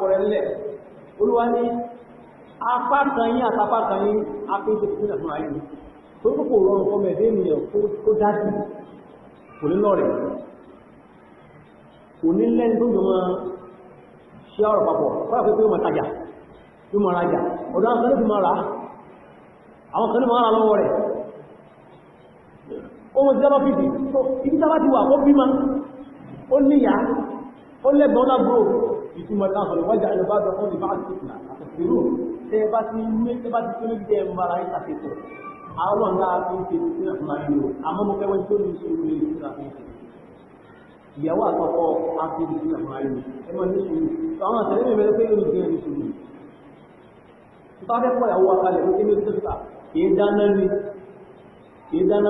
àlù apá kan yín àtàpá kan yín apéjọ fún ìlànà ayé mi tó kò kò rọrùn fọmọ ẹ̀dẹ́ ènìyàn kó dájú kò ní lọ́rẹ̀ kò ní lẹ́ni tó jọmọ ṣe ọ̀rọ̀ papọ̀ fọ́nà pé yóò máa tajà yóò máa rajà ọ̀dọ̀ àwọn kan ló máa rà àwọn kan ló máa rà lọ́wọ́ rẹ̀ ó mọ̀ sí lọ́fíìsì tó ibi tá bá ti wà ó bímọ ó níyà ó lẹ́gbọ̀n lábúrò ìtumọ̀ táwọn ọ̀rọ̀ wájà ẹ̀lọ́bá tẹ́ bá ti ní tẹ́ bá ti tó lórí tẹ́ ń bára yíta ṣètò àwọn ńlá fi ń ṣe ní sílẹ̀ fún ayé o àmọ́ mo fẹ́ wọ́n tó ní sùúrù lè sílẹ̀ fún ayé ìyàwó àkọ́kọ́ á fi ní sílẹ̀ fún ayé ẹ mọ̀ ní sùúrù àwọn àtẹ̀lé mi mẹ́rin pé yóò jẹ́ ní sùúrù nípa fẹ́ fọ́ ìyàwó akalẹ̀ ló kí ní sísà kì í kì í dáná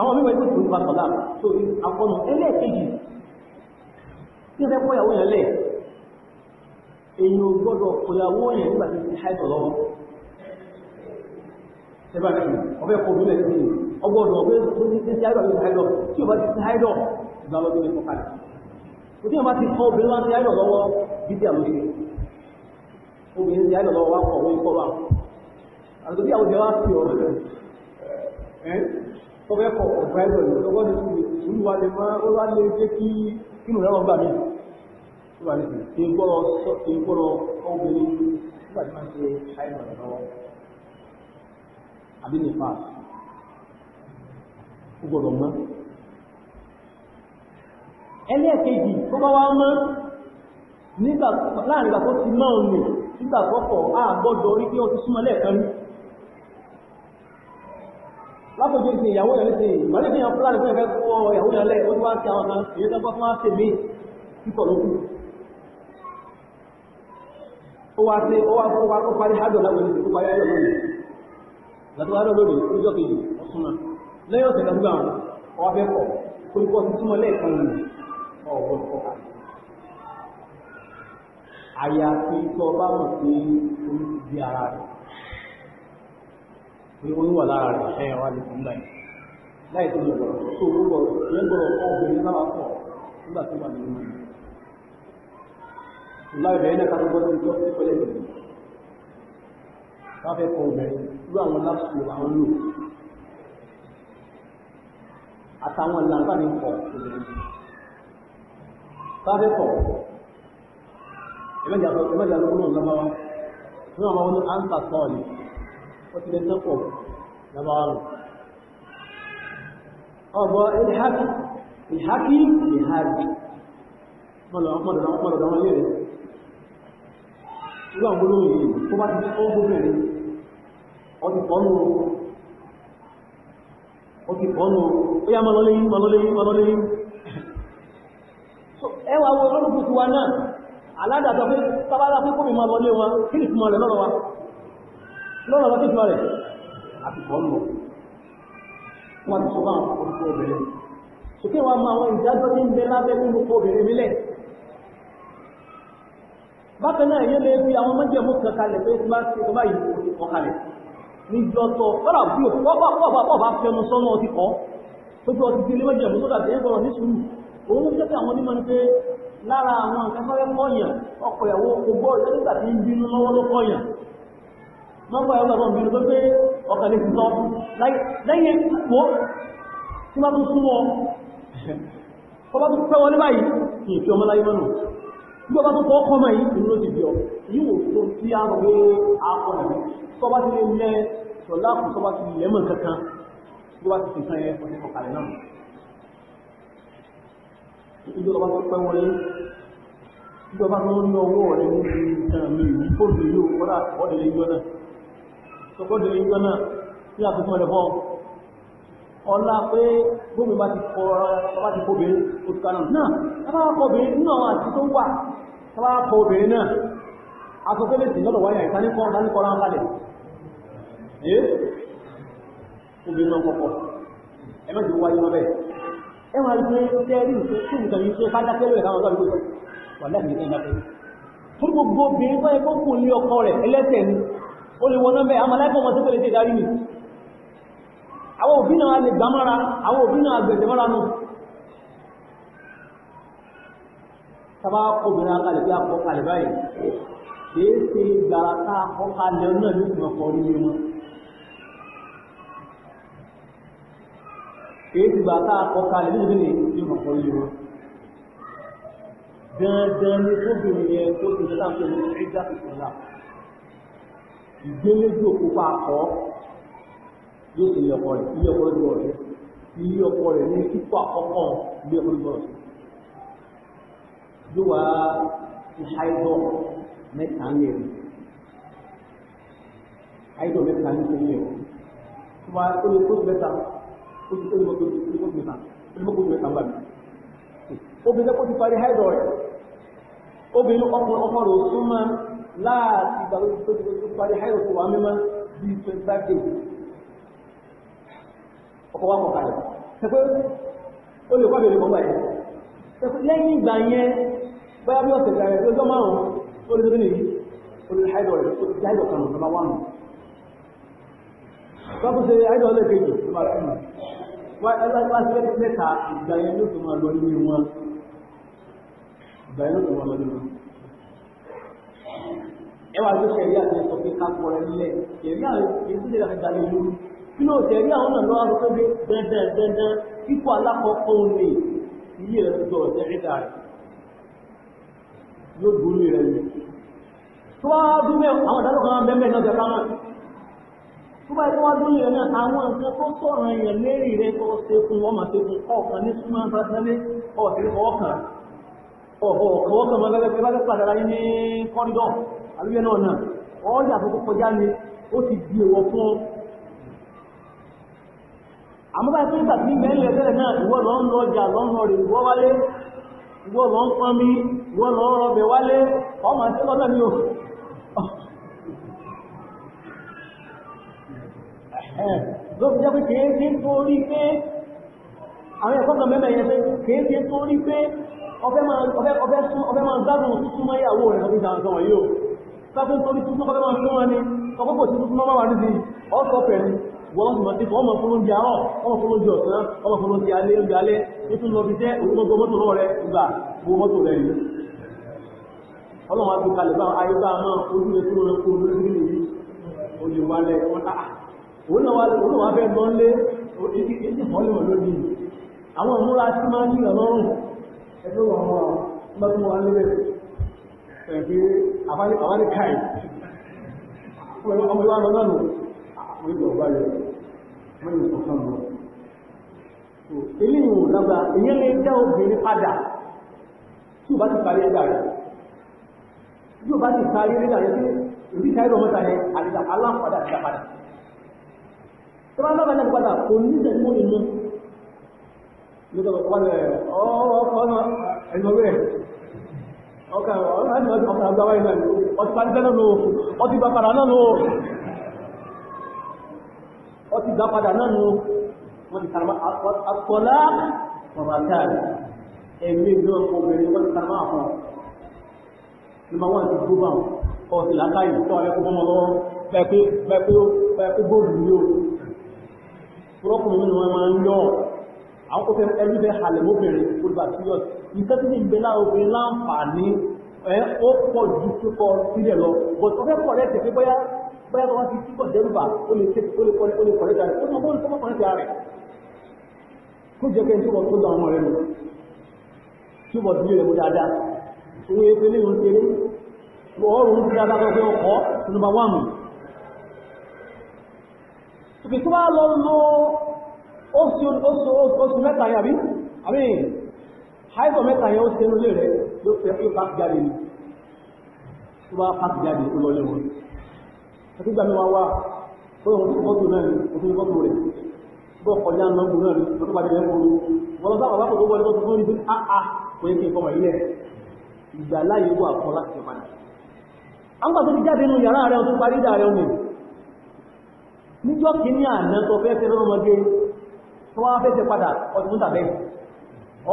àwọn mímọ̀ ìgbésí ìlú bá sọ̀lá tó àkọlù ẹlẹ́ẹ̀kejì tí ó fẹ́ kọ́ ìyàwó yẹn èyí ò gbọ́dọ̀ kọ ìyàwó yẹn nígbà tí ti ṣáìtọ̀ lọ́wọ́ ṣẹba kì ọbẹ̀ kọ bí lẹ́sí ó kọ̀ ọ̀gbà ẹgbẹ̀ lọ́wọ́ ní sùúrù wà lè máa ó wá lè jẹ́ kí inú rẹ̀ wọ́n gbà mí ẹlẹ́ẹ̀kejì tó bá wá mọ́ láàrin ìgbà ti mọ́ òun nígbà tó orí pé ó ti súnmọ́ lẹ́ẹ̀kan ní lápòjú ìsìn ìyàwó yẹn sí ìmọ̀lẹ́ fi hàn fúlàní fún ẹ̀fẹ́ kọ́ ìyàwó yẹn lẹ̀ ó ti wá sí àwọn kan èyí tó bọ́ fún wá sí mí kíkọ̀ ló kù ó wá sí ó wá fún wa kó parí hádùn láwọn ìsìn tó parí ayọ̀ lónìí láti wá lónìí lójọ́ kejì ọ̀sùn náà lẹ́yìn ọ̀sẹ̀ lọ́gbà ọwá fẹ́ kọ̀ tó kọ́ sí túmọ̀ lẹ́ẹ̀kan nù oyún wà lára rẹ̀ ẹ̀ wá lè fún láì láì tó lọ́wọ́ tó gbogbo ìyẹn gbọ́dọ̀ náà pọ̀ nígbà tó wà nínú rẹ̀ ìlà ìbẹ̀rẹ̀ náà kátó gbọ́dọ̀ tó fẹ́ pẹ́lẹ́ pẹ̀lú wọ́n fẹ́ obìnrin irú àwọn láṣù àwọn lò àtàwọn ìlànà ní kọ̀ obìnrin bá kọ̀ ẹ̀mẹ́jà lọ́wọ́ lọ́wọ́ wọn àwọn ọmọ wọn á ń tà sọ́ọ̀lì ọtílẹ̀ tẹ́pọ̀ lábáwárù ọgbọ́ ìlhàkì ìlhàkì ìlhàkì mọ́lọ̀ ọmọdọ̀dọ̀ ọmọdọ̀dọ̀ wọn lè rẹ̀ nígbà gbóló yìí tó bá ti tó gómìnà ọdún pọ̀nù ọdún pọ̀nù ó yá mọ́lọ́lẹ́yìn mọ́lọ́lẹ́yìn mọ́lọ́lẹ́yìn ẹwà wo lọ́rùn lọ́rọ̀ lọ́tí fún rẹ̀ àti kọlù wọn ti sọ bá àwọn orúkọ obìnrin sókè wọn máa wọn ìdájọ́ tí ń bẹ lábẹ́ ní orúkọ obìnrin nílẹ̀ bákan náà yẹn lè fi àwọn mọ́jẹ̀mú kan kalẹ̀ pé máa ti ọba yìí kọ́ kalẹ̀ níjọ́ tó fọ́nà bí o pọ́pọ́ pọ́pọ́ pọ́pọ́ fẹnu sọ́nà ti kọ́ tójú ọtí ti ilé mọ́jẹ̀mú sódà tẹ́yẹ́ gbọ́rọ̀ ní sùúrù òun ló jẹ́ pé àwọn onímọ̀ ni pé lára àwọn nǹkan fẹ́rẹ́ kọ́yàn ọkọ̀ ẹ̀wọ̀ ogbó ìrẹ́lẹ́gbà tí ń bínú lọ́wọ́ ló kọ́yàn mọ́gbà ọlọ́run bí ló pé ọkàn lè sọ lẹ́yìn pò tí wọ́n tún súnmọ́ ọba tún pẹ́ wọlé báyìí kì í fi ọmọ láyé mọ́nà bí ọba tún kọ́ ọmọ yìí ìlú ló ti bí ọ yìí wò tó tí a mọ̀ pé a kọ̀ nà tọ́ba ti lè lẹ́ sọ̀lá kù tọ́ba ti lẹ́ mọ̀ kankan bí wọ́n ti fi sàn yẹn ọdún kọkàlẹ̀ náà ìjọ ọba tún pẹ́ wọlé ìjọba tó ń lọ owó rẹ̀ ní ìtàn mi ìfòdù yóò kọ́dà ọ̀dẹ̀lẹ̀ yọ náà tọgbọ́dọ̀ yìí lọ́nà tí a tuntun ẹ̀lẹ́fọ́ ọlá pé gómìn bá ti kọ́ ọba ti kóbìnrin òtùkànà náà tàbá kọbìnrin náà àti tó wà tàbá kọbìnrin náà akọ́kẹ́lẹ̀sì lọ́dọ̀ wáyà ìtaníkọ́ láníkọ́lá wáyé mọ́bẹ̀ ẹwà ní ọkọ rẹ̀ ẹlẹ́sẹ̀ ó lè wọ́n náà bẹ́ẹ̀ àmà láìpọ̀ mọ̀ sí pẹ̀lẹ̀ sí ìdarí mi àwọn òbí náà lè gbà mọ́ra àwọn òbí náà gbẹ̀sẹ̀ mọ́ra nù tàbá obìnrin akalẹ̀ bí akọ kalẹ̀ báyìí kìí ṣe gbàrà tá a kọ́ kalẹ̀ náà ló fi ọkọ̀ orí wọn kìí ṣe gbàrà tá a kọ́ kalẹ̀ nínú ilé ìlú ọkọ̀ orí wọn dandan ni tóbi yẹn tó fi ṣe láti ṣe ìjà ìṣẹ̀lá ìgbélédò òkúpa àkọ́ yóò sì ilé ọkọ rẹ̀ ilé ọkọ lójú ọ̀rẹ́ ilé ọkọ rẹ̀ ní kíkọ́ àkọ́kọ́ ilé ọkọ lójú ọ̀rẹ́ yóò wá ti ṣáìdọ̀ mẹ́ta ń lè rí ṣáìdọ̀ mẹ́ta ń lè tó lè kóso mẹ́ta ó ti kóso mẹ́ta kóso mẹ́ta ó ti kóso mẹ́ta ń mí obìnrin kó ti parí ṣáìdọ̀ rẹ̀ obìnrin ọkọ rẹ̀ ò súnmọ́ láti ìgbà lórí tó ti parí hẹ́rù tó wà mímọ́ bíi twenty five days ọkọ̀ wà pọ̀ kalẹ̀ ṣẹ́pẹ́ ó lè kọ́ bèrè kọ́mbà yẹn ṣẹ́pẹ́ lẹ́yìn ìgbà yẹn báyà bí ọ̀sẹ̀ gbàrẹ̀ lọ́jọ́ márùn-ún ó lè tóbi nìyí ó lè hẹ́rù rẹ̀ tó ti hẹ́rù kan nọ̀nà wà nù. Sọ́kù ṣe hẹ́rù ọ̀lẹ́ kejì ló máa rẹ̀ nù. Wọ́n ẹ bá bá sílẹ̀ mẹ́ta ìgbà yẹn ló tó máa lọ nínú wọn. Ìgbà yẹn ló tó máa lọ nínú wọn ẹ wá gbé sẹ̀rí àti ẹ̀sọ́ pé ká pọ̀ rẹ nílẹ̀ sẹ̀rí àwọn èyí lè rà dalẹ̀ lóru kí ló sẹ̀rí àwọn náà lọ́wọ́ tó dé dandan dandan kíkọ́ alákọ̀ọ́kọ́ ni ilé rẹ̀ tó sẹ̀rí dà rẹ̀ yóò gbólú rẹ̀ ni. tó bá dún bẹ́ẹ̀ àwọn ìdájọ́ kan bẹ́ẹ̀ bẹ́ẹ̀ náà jẹ́ káwọn tó bá yẹ wá dún yẹn náà àwọn nǹkan tó sọ̀rọ̀ yẹn lérí rẹ̀ tó ṣe fún wọn màá ṣe fún ọ̀kan ní súnmọ́ sátẹ́lẹ́ ọ̀kẹ́ ọ̀kan ọ̀kọ̀ mọ́ gẹ́gẹ́ bí wọ́n ti láyé ní kọ́rídọ̀ọ̀ àlúyẹ náà náà ọjà tó kó kọjá ni ó ti di èwọ̀ fún ọ àmọ́ báyìí tó ń tàbí mẹ́lẹ̀ tẹ́lẹ̀ náà ìwọ lọ ń lọ ọjà lọ ń lọ rè ìwọ wálé ìwọ lọ ń pọn mi ìwọ lọ ń rọbẹ̀ wálé ọmọ àti ọlọ́nà mi ò ló fi jẹ́ pé kéèké tó rí pé àwọn ẹ̀kọ́ kan mẹ́mẹ́ yẹn pé kéèké tó rí pé ọfẹ́ máa gbádùn súnmọ́ ìyàwó rẹ̀ lọ́dún ìdáǹkan wọ̀nyí o sáfún torí tuntun kọ́kọ́ máa fún wọn ni ọkọ́kọ́ tí tuntun máa wà níbi ọ̀sọ̀ pẹ̀lú wọ́n sì máa ti fọ́ ọmọ fún oúnjẹ àárọ̀ ọmọ fún oúnjẹ ọ̀sán ọmọ fún oúnjẹ alẹ́ oúnjẹ alẹ́ nítorí lọ fi jẹ́ òwúgbogbo mọ́tò lọ́wọ́ rẹ gbà gbogbo mọ́tò rẹ yìí ọlọ́run àti kalẹ̀ bá ayé bá máa ojú rẹ tó rẹ kó lórí nílé yìí o lè wálẹ̀ wọn á òun náà wá fẹ́ lọ lé èyí mọ́lẹ̀mọ́ lónìí àwọn ìmúra tí máa ń yí ìrànlọ́rùn ẹgbẹ́ wọn wọn ẹ̀bí àwárí káì ọmọ ìwárọ̀ náà wọ́n yóò bá lẹ̀ wọ́n yóò sọ fún wọn ilé ìwọ̀n lágbà èyí lè dá obìnrin padà tí ò bá ti parí ẹgbà rẹ̀ tí ò bá ti parí ẹgbà rẹ̀ tí ìdí ìtàrí ọmọ ìtàrí àdìgbà aláǹpadà ti padà tí wọ́n lágbà náà padà kò ní ìtẹ̀lé mọ́ nínú ọkà àgbàwà ìlànà ọtí pàdé náà lóò ọtí gbàpadà náà lóò ọtí gbàpadà náà lóò wọ́n ti kàrọ̀ àkọlá ọ̀bàtàrí ẹ̀mí ìlú ọkùnrin wọ́n ti kàrọ̀ àpọ̀ nígbà wọ́n ti gbó bá ọtí làákàyè tó ọ̀rẹ́ kó bọ́mọ lọ́wọ́ bẹ́ẹ̀ àwọn kò fẹ́ ẹlú fẹ́ halẹ̀ mọ́bìnrin olùbà serious nǹkan tí ní ìgbẹ́ láwọn obìnrin láǹfààní ẹ ó pọ̀ ju kíkọ sílẹ̀ lọ but ó fẹ́ kọ̀ rẹ̀ tẹ̀ pé bóyá bóyá wọn ti kíkọ̀ dẹ́rùbà ó lè ṣe ó lè kọ̀ ó lè kọ̀ rẹ̀ ó mọ bóyá kọ́ rẹ̀ rẹ̀ kó jẹ́ pé tí wọ́n tó lọ ọmọ rẹ̀ lọ tí wọ́n dúró rẹ̀ mú dáadáa owó efe lè ń ṣeré ọrùn ti dáadáa kọ́ pé ọkọ̀ number one. òkè tó bá lọ lọ oṣù mẹ́ta yẹn àbí àbí haibọ̀ mẹ́ta yẹn ó ṣe ń lè rẹ̀ ló fẹ́ yóò bá jáde ní tó bá bá jáde ó lọ lẹ́wọ̀n àti ìgbà mẹ́wàá wá ó yọ oṣù mọ́tò náà ní oṣù mọ́tò rẹ̀ bó kọjá nọ́ọ̀bù náà ní oṣù bá jẹ́ kúrú wọn lọ́sà bàbá kò tó wọlé tó tó ní bí áá kò yẹ kí n kọmọ ilẹ̀ ìgbà láyé wà kọ́ láti ṣe padà àwọn kan tó ti jáde nínú yàrá rẹ̀ tó parí dà rẹ̀ ọmọ níjọ́ kìíní àná tó fẹ́ fẹ́ fẹ́ fẹ́ tó wá fẹ́ tẹ padà ọdún tàbẹ́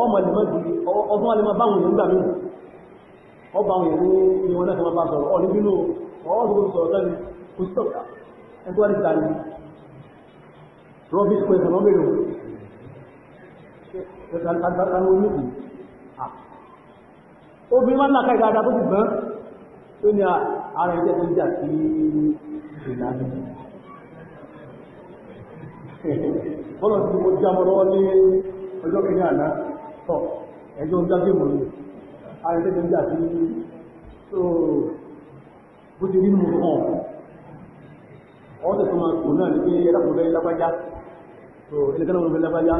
ọmọ lè mọ́ di ọdún alẹ́ máa báwọn èèyàn gbà mí ọ báwọn èèyàn ní ìwọ̀n náà tó máa bá sọ̀rọ̀ ọ níbínú ọdún sọ̀rọ̀ tẹ́lẹ̀ kò sí tọ̀ka ẹgbẹ́ wà ní ìta ni rọ́bí square kan lọ́bẹ̀rẹ̀ o ẹ̀sán oníbi obìnrin máa ń nàka ìdáadáa tó ti gbọ́n tó ní ara ẹ̀jẹ̀ tó ń jà sí ìlànà bọ́lọ̀ tí mo já mọ́ lọ́wọ́ ní ọjọ́ kìíní àná tọ̀ ẹjọ́ ń jáde mọ̀ ní ààrẹ tẹ́jọ́ ń jà sí tó bó ti rí mú hàn ọ́sẹ̀ tó máa kò náà ní pé ẹlẹ́kùnrin lágbájá tó ẹlẹ́kùnrin lágbájá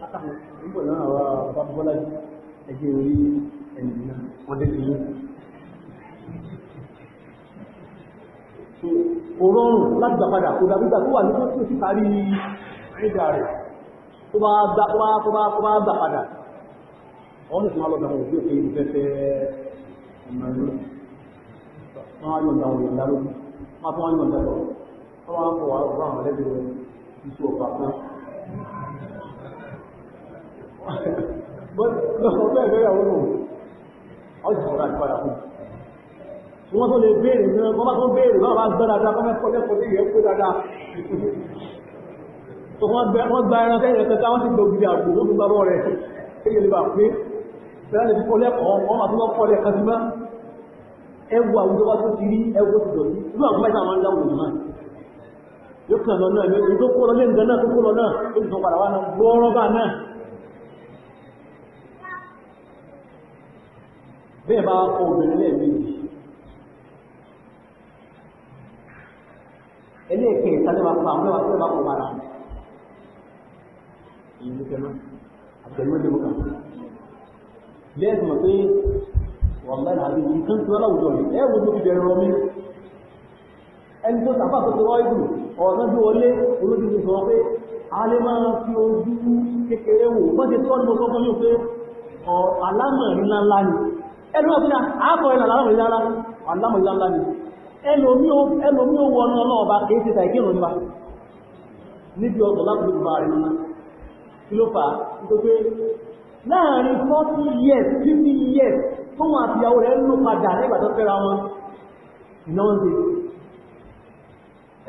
látàkùn nígbà náà wà bá bọ́lá ẹgbẹ́ orí ẹni náà wọ́n dé ìdá rẹ̀ tó bá gbà tó bá tó bá gbà padà ọ̀hún ìsìn alọ́gbà wọn òbí òfin ìfẹ́fẹ́ ọmọ ìlú wọn á yọ̀ǹda wọn yọ̀ǹda lóbi wọn á tún wọn yọ̀ǹda lọ wọn á fọwọ́ àwọn àwọn ẹlẹ́bí rẹ̀ ìṣù ọ̀pá kan. bẹ́ẹ̀ bẹ́ẹ̀ àwọn ọmọ ọ̀hún ìsìn ọ̀rọ̀ àti padà fún mi wọ́n tó lè béèrè náà wọ́n bá tó béèrè náà bá gbọ́ dáadáa kọ́ mẹ́kọ́ lẹ́kọ́ sí ìyẹn pé dáadáa tó wọ́n gba ẹran tẹ́yìn ẹ̀kẹta wọ́n ti gbé ògiri àpò ó fi gbàgbọ́ rẹ̀ kéye lè bà pé bẹ́ẹ̀ lè fi kọ́ lẹ́kọ̀ọ́ wọ́n máa tún lọ́ kọ́ lẹ́ẹ̀kan sí mọ́ ẹwù àwùjọ wa tó ti rí ẹwù tó ti dọ̀tí nínú àwọn mẹ́ta àwọn ìdáwò ìmọ̀ yóò kàn lọ náà ní tó kó lọ lé nǹkan náà tó kó lọ náà tó sì tún padà wá náà gbọ́ọ́rọ́ bá náà bẹ́ẹ̀ bá kọ obìnrin lẹ́ẹ̀mejì ẹlẹ́ẹ̀kẹ́ ìtàlẹ́wà pa ìyẹn ló fẹ́ mọ́ àtẹ̀lé ó lè mọ́ kàn. bẹ́ẹ̀ sì mọ̀ pé wọ́n bá yàrá bí nǹkan tó láwùjọ ni ẹ wo tóbi bẹ̀rẹ̀ rọ mí ẹni tó sàbà tó ti rọ́ọ̀dù ọ̀nà bí wọlé olójú ti sọ pé a lè máa fi ojú kékeré wò wọ́n ti tọ́ nínú kọ́kọ́ yóò pé alámọ̀ ńlá ńlá ni ẹnu ọ̀fíà àákọ̀ ẹ̀ alámọ̀ ńlá ńlá ni ẹlòmí ó wọnú ọlọ́ọ̀bá kìí ti tàìkì ìrùn nípa níbi ọ̀tọ̀ láti lè bá rí náà kí ló fà á nítorí láàrin forty years fifty years fóun àtìyàwó rẹ̀ ń lò padà nígbà tó fẹ́ra wọn ìnáwó ṣe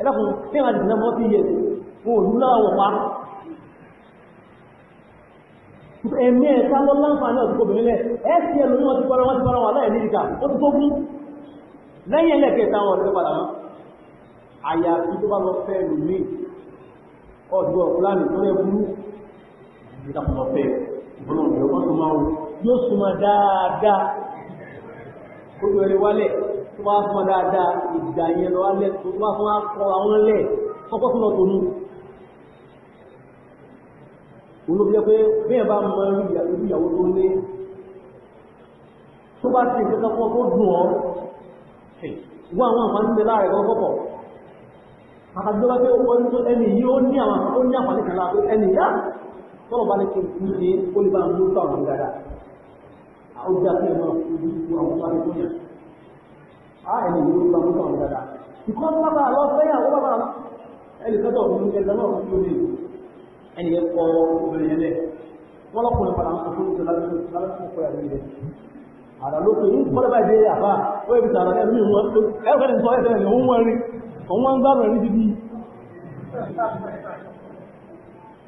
ẹlẹ́kùn tí wọ́n ti dìná forty years wọn ò ní láwọ̀ pa ẹ̀mí ẹ̀ká lọ láǹfààní ọ̀tún kò bìnrin lẹ̀ ẹ̀sì ẹ̀lú ní wọ́n ti pọ́nra wọ́n ti pọ́nra wà láì ní ìdíkà ó ti tó kú lẹ́yìn ẹlẹ́kẹta wọn ọ̀rẹ́ padà wọn àyàfi tó bá lọ fẹ́ lù mí ọ̀dùn ọ̀pùlánì tó rẹ̀ burú nígbà tó lọ fẹ́ ìbọn òbí ọgbọ́n tó máa ń yóò súnmọ́ dáadáa ó yọ ẹni wálẹ̀ tó wá fún ọ dáadáa ìgbà yẹn lọ wálẹ̀ tó wá fún akọ àwọn lẹ̀ ọkọ̀ tó lọ tó nù. olóbi jẹ́ pé bẹ́ẹ̀ bá mọ irú ìyàwó tó lé tó bá ti nǹkan kan kó dùn ọ́ wọ́n àwọn àǹfààní ń bẹ láàrẹ̀ kan kọ́kọ́ àtàgbọ́n pé ẹni yìí ó ní àwọn àǹfààní kan láàrẹ̀ ẹni yá tọ́lọ̀ bá ní kí n kú ṣe ó lè bá ń lóòótọ́ àwọn ìdára àwọn ìdá tó yẹ máa fojú ju àwọn bá ní tó yẹ á ẹni ìlú ló bá ń lóòótọ́ àwọn ìdára ìkọ́ ń bàbá lọ fẹ́yà ó bàbá ẹni tọ́jọ́ òun ẹni lọ́wọ́ fún yóò lè ẹni yẹn kọ́ obìnrin yẹn lẹ̀ wọ́n lọ́kùnrin padà ń sọ fún ìṣẹ̀lá lọ́sùn kọ́ ẹ̀rí rẹ̀ àrà ló pé yín kọ́lẹ́ báyìí dé àbá ó yẹ bìtà àrà ẹ̀mí ìwọ̀n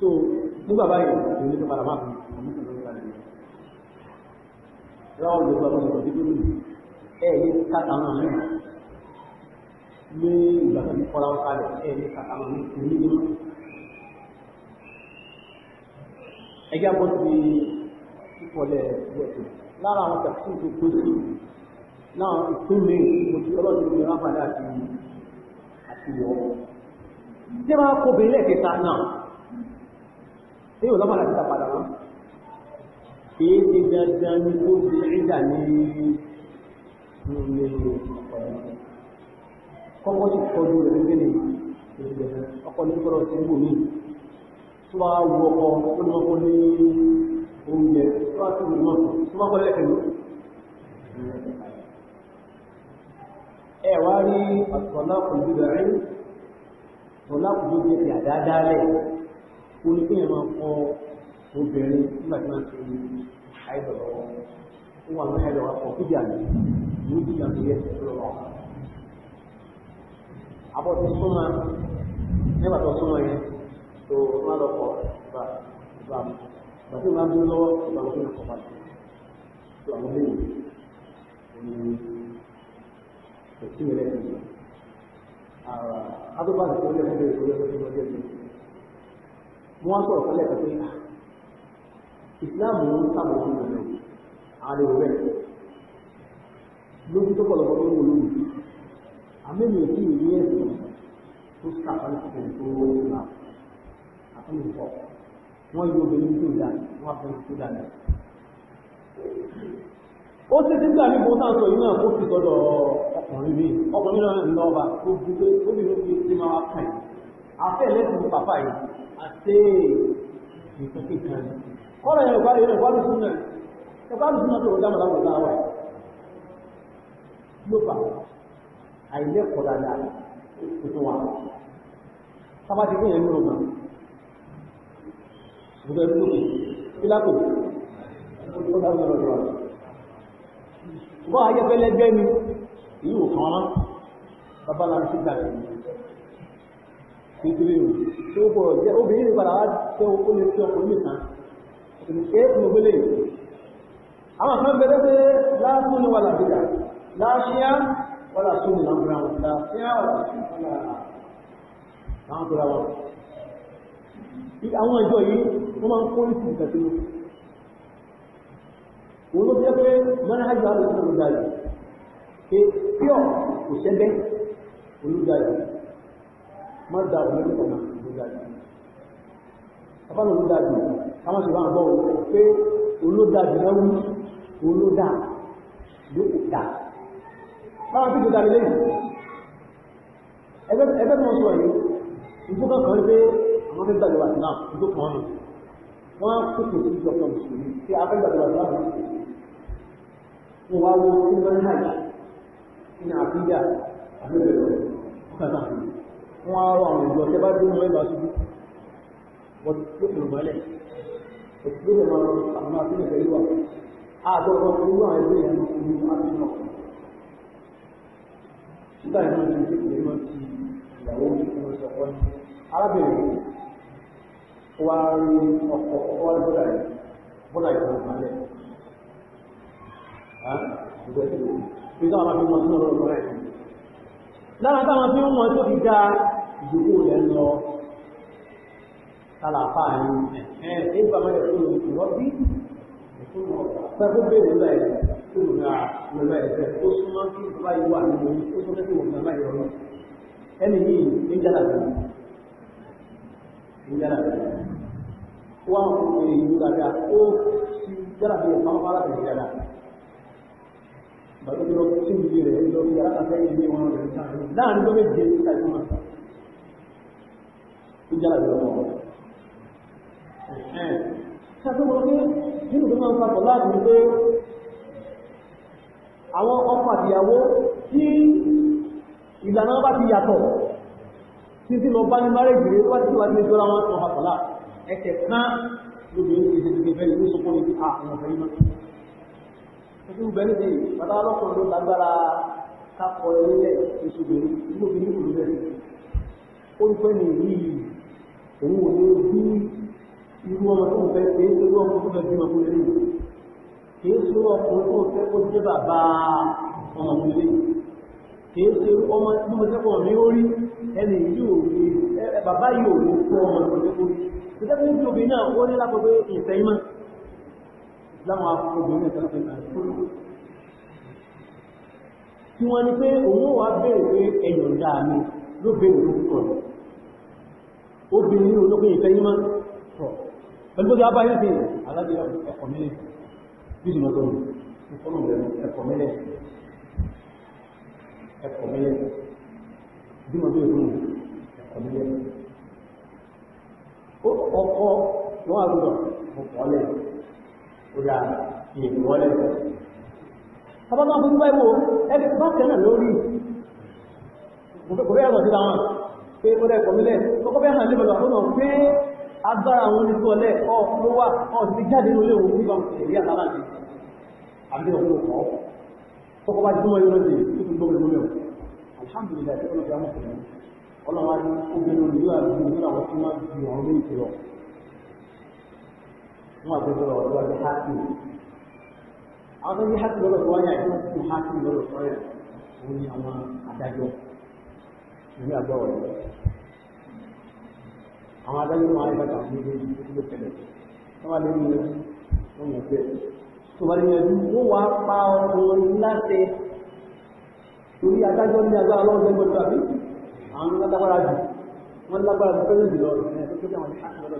so nígbà báyìí kò ní padà máa fi ọmọ ìgbà rẹ̀ ráwọ̀ lè gba ọmọ ìgbà rẹ̀ ẹ̀ ní kàtà máa ní ní ìgbà tó ní kọ́ra ọ̀ka rẹ̀ ẹ̀ ní kàtà máa ní kò ní ní ẹgbẹ́ àbọ̀ ti ìkọlẹ̀ wẹ̀tẹ̀ lára àwọn tàkì tó kó sí náà ìtúnmí ìmọ̀tí ọlọ́dún ìgbà ráfàdà àti àti ìwọ̀ tí wọ́n kó bẹ̀rẹ̀ kẹta náà tí yóò lọ́mọdé àti tàpadà wọn kìí ti dandan ní kó ti ìdà ní ilé kọ́kọ́ sì tọ́jú rẹ̀ nígbè ní ọkọ̀ ní kọ́rọ̀ sí ibò mí tó bá wù ọkọ̀ ó ní ọkọ̀ ní oúnjẹ tó bá tó wù náà tó bá kọ́ lẹ́kẹ̀ẹ́ lọ. ẹ wá rí ọ̀tọ̀lá kò ju bẹ̀rẹ̀ ọ̀tọ̀lá kò ju bẹ̀rẹ̀ àdáadáa lẹ̀ ó ní kéèyàn máa kọ obìnrin nígbà tí wọ́n ti àìsàn lọ́wọ́ ó wà ní àìsàn lọ́wọ́ fídíà ní ìlú fídíà tó yẹ kó lọ́wọ́. àbọ̀ tó súnmọ́ nígbà tó súnmọ́ yẹn tó má lọ kọ ìgbà ìgbà ìgbà tí wọ́n bá ń dúró lọ́wọ́ ìgbà wọn tó ń kọ́ pàtó tó àwọn léyìn ní kò sí ìrẹsì. àdúgbò àti ìpínlẹ̀ ìpínlẹ̀ ìpínlẹ̀ ìpínlẹ̀ wọ́n sọ̀rọ̀ kọ́lẹ̀ kan pé ah, islam ń sábà fún ọ̀rẹ́ ààrẹ rẹ̀ lójú tó pọ̀lọpọ̀ tó wù lù àmẹ́mi ò tí ì rí ẹ̀sìn tó sàkọ́lẹ̀ tó tó wọ́n ní ìlà àtúnlù pọ̀ wọ́n yóò bẹ̀rẹ̀ tó dà wọ́n á bẹ̀rẹ̀ tó dà dà. ó ti ti gbà níbo tá à ń sọ yìí náà kó fi sọ́dọ̀ ọkùnrin mi ọkùnrin náà ń lọ ọba tó bí ó bí ló fi ti máa wá àfẹ́ lẹ́sìn ní pàpá yìí àti nǹkan kíkan ni kọ́lọ̀ yẹn ìgbà yẹn ìgbà lùsùn náà ìgbà lùsùn náà tó wọ́n dáná láwọn láwà yìí ló fà àìlẹ́kọ̀ọ́ dáadáa tó tó wà sábà ti kéèyàn lóru náà gbogbo ẹbí lókè kílákò ó dáná lọ́dọ̀ lọ́dọ̀ ṣùgbọ́n ayẹ́fẹ́lẹ́gbẹ́ ni èyí ò kàn án babaláwo ti gbà yẹn nítorí o tí ó bọ̀ jẹ́ obìnrin nípa làwọn tẹ ó lè fi ọkùnrin nìkan ẹ ẹ mo gbélé àwọn kan bẹ̀rẹ̀ pé láàbù ni wà làbíyà láàṣíà wà làṣù ni làbúra wọn láàṣíà wà làṣù ni làwọn búra wọn. àwọn ìjọ yìí wọ́n máa ń kó ní tìǹkà sí wọn ló jẹ́ pé mọ́nà àjọ àlùfáà ló dájú pé pure kò ṣẹ́gbẹ́ olùdájú mọ́ da òun ní ọ̀nà ìgbéjáde ọ̀pọ̀lọpọ̀ olódàjù káwọn sì wọ́n gbọ́ pé olódàjù náà wí olódà yóò dà báwọn tí kò dà lélẹ́yìn ẹgbẹ́ tó ń sọ yìí ìfúkàn kan pé àwọn fẹ́ gbàdúrà náà ìjó kan nù wọ́n kókò sí ìjọba mùsùlùmí tí a fẹ́ gbàdúrà náà wọ́n wá ní wọ́n á rọ àwọn ìjọ tẹ́ bá dé ẹgbà ṣubú wọ́n ti tó kùnú mọ́lẹ̀ òtútù lè máa àwọn àfihàn pẹ̀lú lára táwọn fi ń mọ tó fi dá ìdókòwò rẹ̀ lọ tálàfà ní ẹ̀ ẹ̀ ìgbàmọ́ ẹ̀ tó lò wọ́n bí pẹ̀lú bèèrè ńlá ẹ̀ tó lò náà lọ́lọ́ ẹ̀fẹ́ tó súnmọ́ kí ìjọba yìí wà nínú ó tó fẹ́ kí bàtí lọ sí ìdí rẹ̀ lọ sí alákàtẹ́ ìdí wọn rẹ̀ láàrin tó méje láìpẹ́ máa sá ó jára lọ́wọ́ wọn. ṣàtúnwò pé nínú tó máa ń papọ̀ láti ní pé àwọn ọkọ àtìyàwó tí ìlànà bá ti yàtọ̀ títí lọ bá ní márèjì rẹ̀ wá títí wá ní ìjọra wọn tó papọ̀ láti ẹ̀kẹ̀ kan lóbi ní ìṣèjì fẹ́ ìlú sọ́kọ́ ní àwọn ọ̀fẹ́ yìí náà ojú bẹ́ẹ̀ ní bàbá ọlọ́kùnrin ló lágbára kápọ̀ ilẹ̀ ìṣòbìnrin tí mo fi ní ìlú rẹ̀ ó ń pẹ́ ní ìlú yìí òun ò ní bí irú ọmọ tó ń fẹ́ pé irú ọmọ tó fẹ́ bí ọmọ lè kì í ṣe ọkùnrin tó fẹ́ kó jẹ́ bàbá ọmọ mi lè kì í ṣe ọmọ tí mo sẹ́kọ̀ọ́ mi ó rí ẹni yóò rí bàbá yóò rí fún ọmọ tó fẹ́ kó rí. ìjọba ìjọba náà ó ní lápapọ̀ ìfẹ́ yìí náà láwọn obìnrin tó ń fi àkúrò tí wọ́n ní pé òun wà bèèrè pé ẹ̀yọ̀ ń dáa mi ló bèèrè lórúkọ rẹ̀ obìnrin olókùn ìfẹ́ yí máa sọ pẹ̀lú bó ti wá yóò fi alábìyà ẹ̀kọ́ mílẹ̀ bí ìsìnà tó rù ìfọ́nà ìrẹ̀lẹ̀ ẹ̀kọ́ mílẹ̀ ẹ̀kọ́ mílẹ̀ bí mo tó rù ẹ̀kọ́ ọkọ̀ wọn àgbọ̀dọ̀ ọkọ̀ ọlẹ́yìn kódà ìwọlẹ̀ ọbábá fún pẹ́bò ẹgbẹ́ bá jùmọ̀ lórí ọ̀ alhamdulillah ọlọ́run á ní ó gbé àrùn nínú àwọn tí wọ́n ju àwọn méjì wọn àti ìjọba ọ̀dọ́ àti hakim àwọn tó ní hakim lọ́dọ̀ tó wáyà ìjọba tó ní hakim lọ́dọ̀ tó wáyà òun ni àwọn adájọ́ ìlú àgbà ọ̀dọ́ àwọn adájọ́ máa ń bàtà fún ilé ìlú tó tẹ̀lé tó wà lórí ilé wọn yẹn pé tó bá lè yẹn dúró wá pa ọkùnrin láti torí adájọ́ ní agbára lọ́wọ́ lẹ́gbẹ̀ẹ́ tó àbí àwọn lágbára jù wọ́n lágbára jù pẹ́lú ìlú ọ̀rọ̀ tó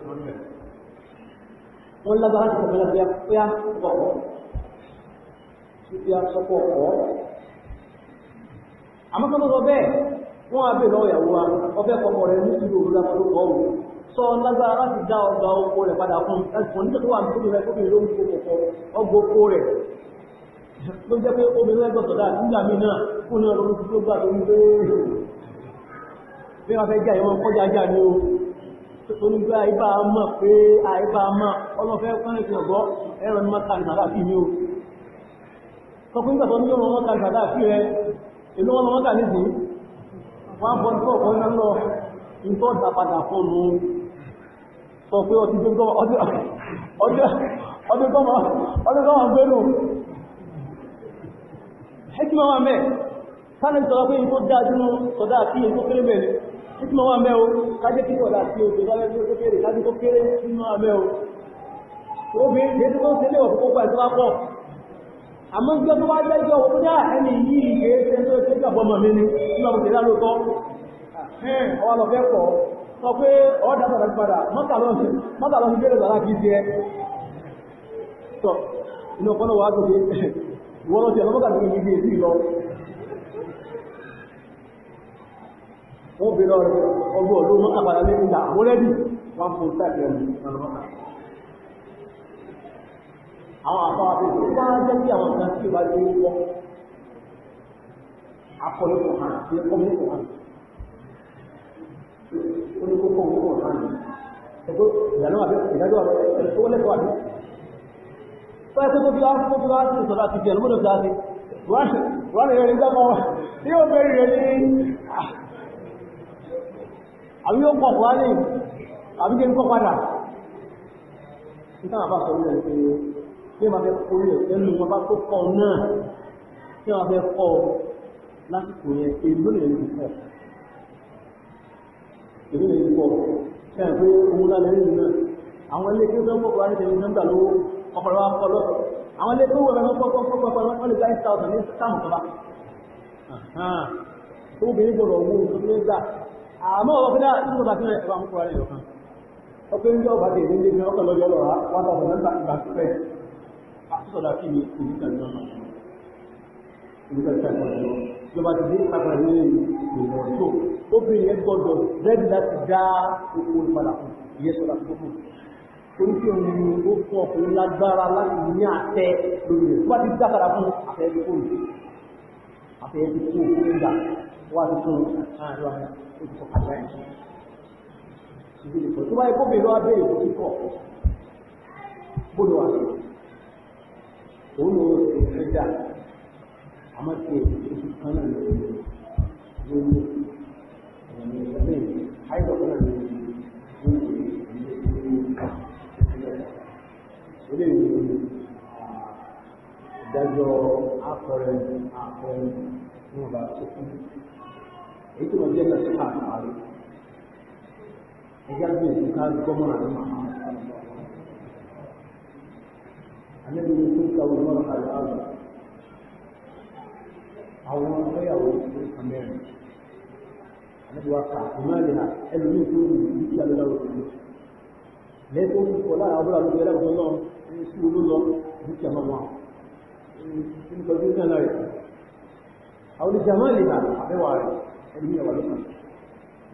tó ń wọ́n lágbára ti kọ̀ọ̀kan lọ́gbẹ́ pẹ́yà pọ̀pọ̀ pẹ́yà sọ́pọ̀ ọ̀pọ̀ àmọ́ kọ́ lọ́wọ́ bẹ́ẹ̀ wọ́n á bèèrè lọ́wọ́ ìyàwó wa ọbẹ̀ kọ́kọ́ rẹ̀ ní ìlú òwúrọ̀ àkọ́lùkọ́ òwò sọ lágbára láti dá ọgbà oko rẹ̀ padà fún ẹ̀sùn nígbà tó wà ní kóbi rẹ̀ kóbi ló ń kó kọ̀kọ́ ọgbà oko rẹ̀ ló jẹ́ pé obìnrin ẹgbẹ́ tó onígbà ibà mọ̀ pé àìbà mọ̀ ọlọ́fẹ́ kọ́nìtì ọ̀gọ́ ẹ̀rọ ní mọ́ta ní sàdáàfì ní o sọ pé nígbà tó ní ọmọ mọ́ta ní sàdáàfì rẹ èlò ọmọ mọ́ta ní sí wọ́n bọ́ ní ọ̀pọ̀ iná lọ nǹkan ọ̀dà padà fọ́nù sọ pé ọtí gbọ́mọ ọdún gbẹ́nu hekima wa mẹ́ sálẹ̀ sọ pé nǹkan dájú sọdáàfì nǹkan kéré mẹ́rin títí máa wà mẹ́ o kájẹ́ tí kọ̀dá sí oṣù lọ́lẹ́ tí ó tó kéré láti tó kéré tí máa wà mẹ́ o obìnrin tí ó ṣe léwọ̀ púpọ̀ ẹ̀sọ́ wá pọ̀ àmọ́ ìjọ tó wá jẹ́ ìjọ òun náà ẹni yìí kéré ṣe tó ṣe gbàgbọ́ mọ̀ mi ni tí wọ́n ti lálótọ́ ọwọ́ lọ fẹ́ pọ̀ sọ pé ọ̀dà padà padà mọ́tà lọ sí bẹ́rẹ̀ sàrà kìí ṣe ẹ́ tọ́ inú ọpọlọ wà á tó wọ́n fi lọ ọgbọ́ ló mọ́ àpàdà lé nígbà àmúlẹ́bì wọ́n fún tàbí ẹ̀mù ọlọ́mọ́ta àwọn àpá àpèsè wọ́n á jẹ́ kí àwọn kan sí ìwà lórí wọ́ akọlẹ́kọ̀ọ́ hàn sí ọmọlẹ́kọ̀ọ́ hàn oníkókó ọmọlẹ́kọ̀ọ́ hàn ẹgbẹ́ ìdáná àbẹ́ ìdájọ́ àbẹ́ ìfowólẹ́kọ̀ọ́ àbẹ́ wọ́n ẹ̀kọ́ tó fi wá tó fi wá sí ìsọ̀rọ̀ àti ìjẹ̀lúmọ́dọ̀ àbí yóò pọ̀ wá ní àbí kí n kọ́ padà nítorí àbá sọ wílẹ̀ pé bí wọ́n kó rí ẹ̀fẹ́ nù wọn kọ́ náà tí wọ́n fẹ́ kọ́ lásìkò yẹn èlò lè ní kọ́ èlò lè ní kọ́ ṣe owó lálẹ́ nínú náà àwọn ilé kí wọ́n kọ́kọ́ láti tẹ̀lé nọ́mbà lówó ọ̀pọ̀lọpọ̀ wa lọ́sọ̀ àwọn ilé kí wọ́n kọ́kọ́ kọ́kọ́ kọ́kọ́ wọ́n lè gba eight àmọ́ ọ̀rọ̀ fẹ́dá ìjọba tí wọ́n ẹ̀bá mú kúrò rẹ̀ yọ̀kan ọkọ̀ ìjọ ọba tẹ̀ ní ilé ọkọ̀ lọ́jọ́ lọ́ra wọ́n tàbí nọ́mbà ìgbà pípẹ́ àtúnṣọ̀dá kí ni òmìnira ní ọmọ òmìnira ní ọmọ ìjọba ti dé agbára ní ìlú tó obìnrin yẹn gbọdọ̀ rẹ́dí láti dá oko ìpadà fún ìyẹn sọ̀rọ̀ àti gbogbo torí pé òun ni ó fún ọkùnrin lágbára láti ní àtẹ lórí rẹ̀ wọ́n ti dá padà fún àtẹ̀yẹ́ tó kó àtẹ̀yẹ́ tó kó òun gbà wọ́n á ìtọ̀ àlàyé ìdílé pọ̀ tó kó bèrè wá bèrè kó gbọ́dọ̀ wà òun ló ṣe ẹ̀dá àmọ́ tí kan náà ló ń lò ní ọ̀nà ìgbàlẹ̀ àìsàn náà ló ń lò ní ilé ìwé ìdájọ́ akọrin akọrin ní ọba tó kún èyí tó wọ́n jẹ́ ẹ̀ka sípà àpárí ẹ̀yà bí ètò ká gbọ́mọ̀ àti màmá àlejò ní tó ń ta òun náà àlọ́ àlọ́ àwọn ọ̀yàwó tó ń kàn mẹ́rin àlejò wa kà ìmọ̀ ìlera ẹlòmíì tó ń lò ní ìyá lọ́la òkèlè lẹ́tọ́ ń kọ̀ lára ọ̀bọ̀là lóde ẹlẹ́gbẹ̀ẹ́ náà ń sí olólọ́ dúkìá náà wà ń tọ́jú náà rẹ̀ àwọn ìjàmọ́ ìlera àbẹ́wà rẹ̀ علمية وعلومة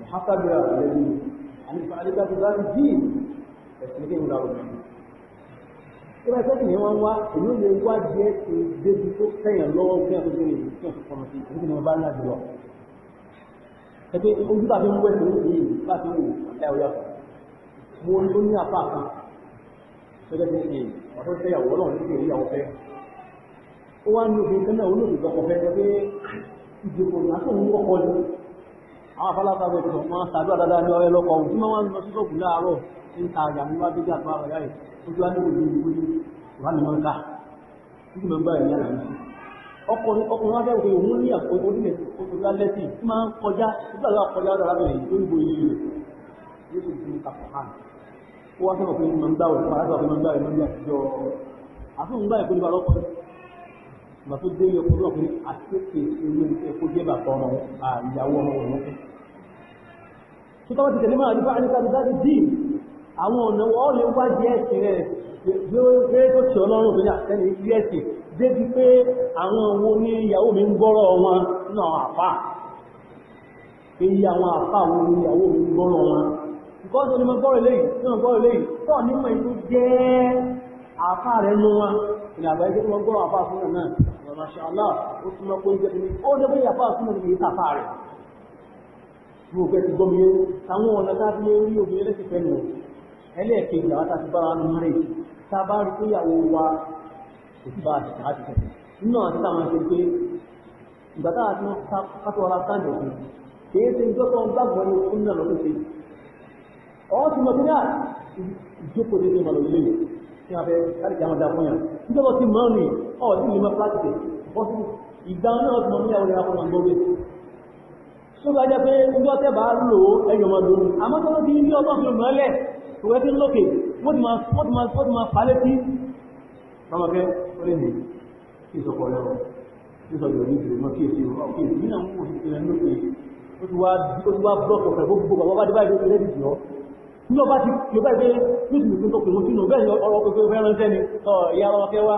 محقق الذي عن الفعاليات ذات الدين ẹ̀sìnkí ìlà òbí. Tí wọ́n sẹ́kì ní wọ́n wá, èmi lè wá jẹ́ ìdébi tó kẹ̀yàn lọ́wọ́ fún ẹ̀kọ́ tó lè fi kí ọ̀sán kọ́mọ sí ìdíje ni wọ́n bá ń láti lọ. Ẹ pé ojú bá fi ń wẹ̀ lórí yìí, bá fi ń wò ọ̀dà ọ̀yà. Mo ní ó kan. Gẹ́gẹ́ bí ṣe ọ̀tọ́ fẹ́. Ó wá ìdìbò ìyàtọ̀ ń kọ́kọ́ ni àwọn afálápá bẹ̀ tó wọn sàdúrà dáadáa ní ọ̀rẹ́ lọ́kọ̀ ọ̀hún tí wọ́n lọ sí sọ́ọ̀bù láàárọ̀ tí ń ta àjà ní wájú jà bá ọ̀rẹ́ yìí ojú wa ní òní ìwúlú wà ní mọ́ńkà títí mọ́ bá ìyá rẹ̀ ọkùnrin ọkùnrin wa bẹ̀rù pé òun ní onílẹ̀ òṣèlú lẹ́sìn tí máa ń kọjá nígbà tó kọjá lọ́dọ̀ arábìnrin lórí ìbò ilé rẹ̀ yóò sì fi kàpọ̀ hàn Ma tó dé ilé ọkùnrin ọkùnrin àtúnṣe ìṣòro ẹ̀kọ́ jẹ́ bàbá ọmọ ìyàwó ọmọ òun fẹ́. tó tọ́wọ́ ti tẹ̀lé máa nípa àníkà ìdájọ́ díì àwọn ọ̀nà wọ́n lè wá di ẹ̀sìn rẹ̀ gbé tó ti ọlọ́run tó yà sẹ́ni ilé ẹ̀sìn débi pé àwọn wo ní ìyàwó mi ń gbọ́rọ̀ wọn nínú àwọn àfà èyí àwọn àfà wo ní ìyàwó mi ń gbọ́rọ̀ wọn gọ́ọ̀sì ni ma gbọ́rọ̀ lẹ́yìn tí mo gbọ́rọ̀ lẹ́yìn pọ̀ nímọ̀ ètò jẹ́ àfà rẹ̀ nú wọn ìlànà ẹgbẹ́ tí wọ́n gbọ́rọ̀ àfáà súnà náà ọ̀rọ̀ ṣàlá ó súnmọ́ pé oúnjẹ ní ó dẹ́gbẹ́ ìyàfá súnà ní ìta fà rẹ̀ mo fẹ́ ti gbọ́mi yẹn táwọn ọ̀nà tá a fi rí obìnrin lẹ́sìn fẹ́ nù ẹlẹ́ẹ̀kejì àwọn tá a ti bá wa nù rè tá a bá rí pé ìyàwó wa kò sí bá a ti tàá ti tẹ̀ nínú àti táwọn ṣe pé ìgbà táwọn ti kátó ara sáǹdì òfin kì í ṣe ìjọ́tọ̀ gbàgbọ́ ní oúnjẹ lọ́kùnrin ọ̀ ti mọ̀ tí wọ́n fẹ́ káàdì kí àwọn ọ̀dà fún yàn nítorí ti mọ́ ni ọ̀ sí ìlú mọ́ pàtìkì bọ́sí ìgbà náà ti mọ́ ní àwọn ìyàwó náà gbọ́gbé sọ́gbà jẹ́ pé ọjọ́ tẹ́ bá lò ẹyọ mọ́ lórí àmọ́ tó ti ní ọgbọ́n fi mọ́lẹ̀ ìwé tí ń lókè wọ́n ti máa falẹ́ sí ọmọkẹ́ orí ni kí ìsọ̀kọ̀ lẹ́wọ̀ kí ìsọ̀kọ̀ ní ìgbìmọ̀ kí èsì ọkẹ́ ìgbìmọ̀ ó ti wá bọ́ọ̀kọ̀ pẹ̀lú gbogbo àwọn bá dé báyìí lórí lẹ́dìí ní ọba ti yóò bá ẹgbẹ́ yóò sì lè tó pè wọ́n sínú bẹ́ẹ̀ ni ọ̀rọ̀ pẹ̀pẹ̀ fẹ́ ránṣẹ́ ni ìyá ọmọ fẹ́ wá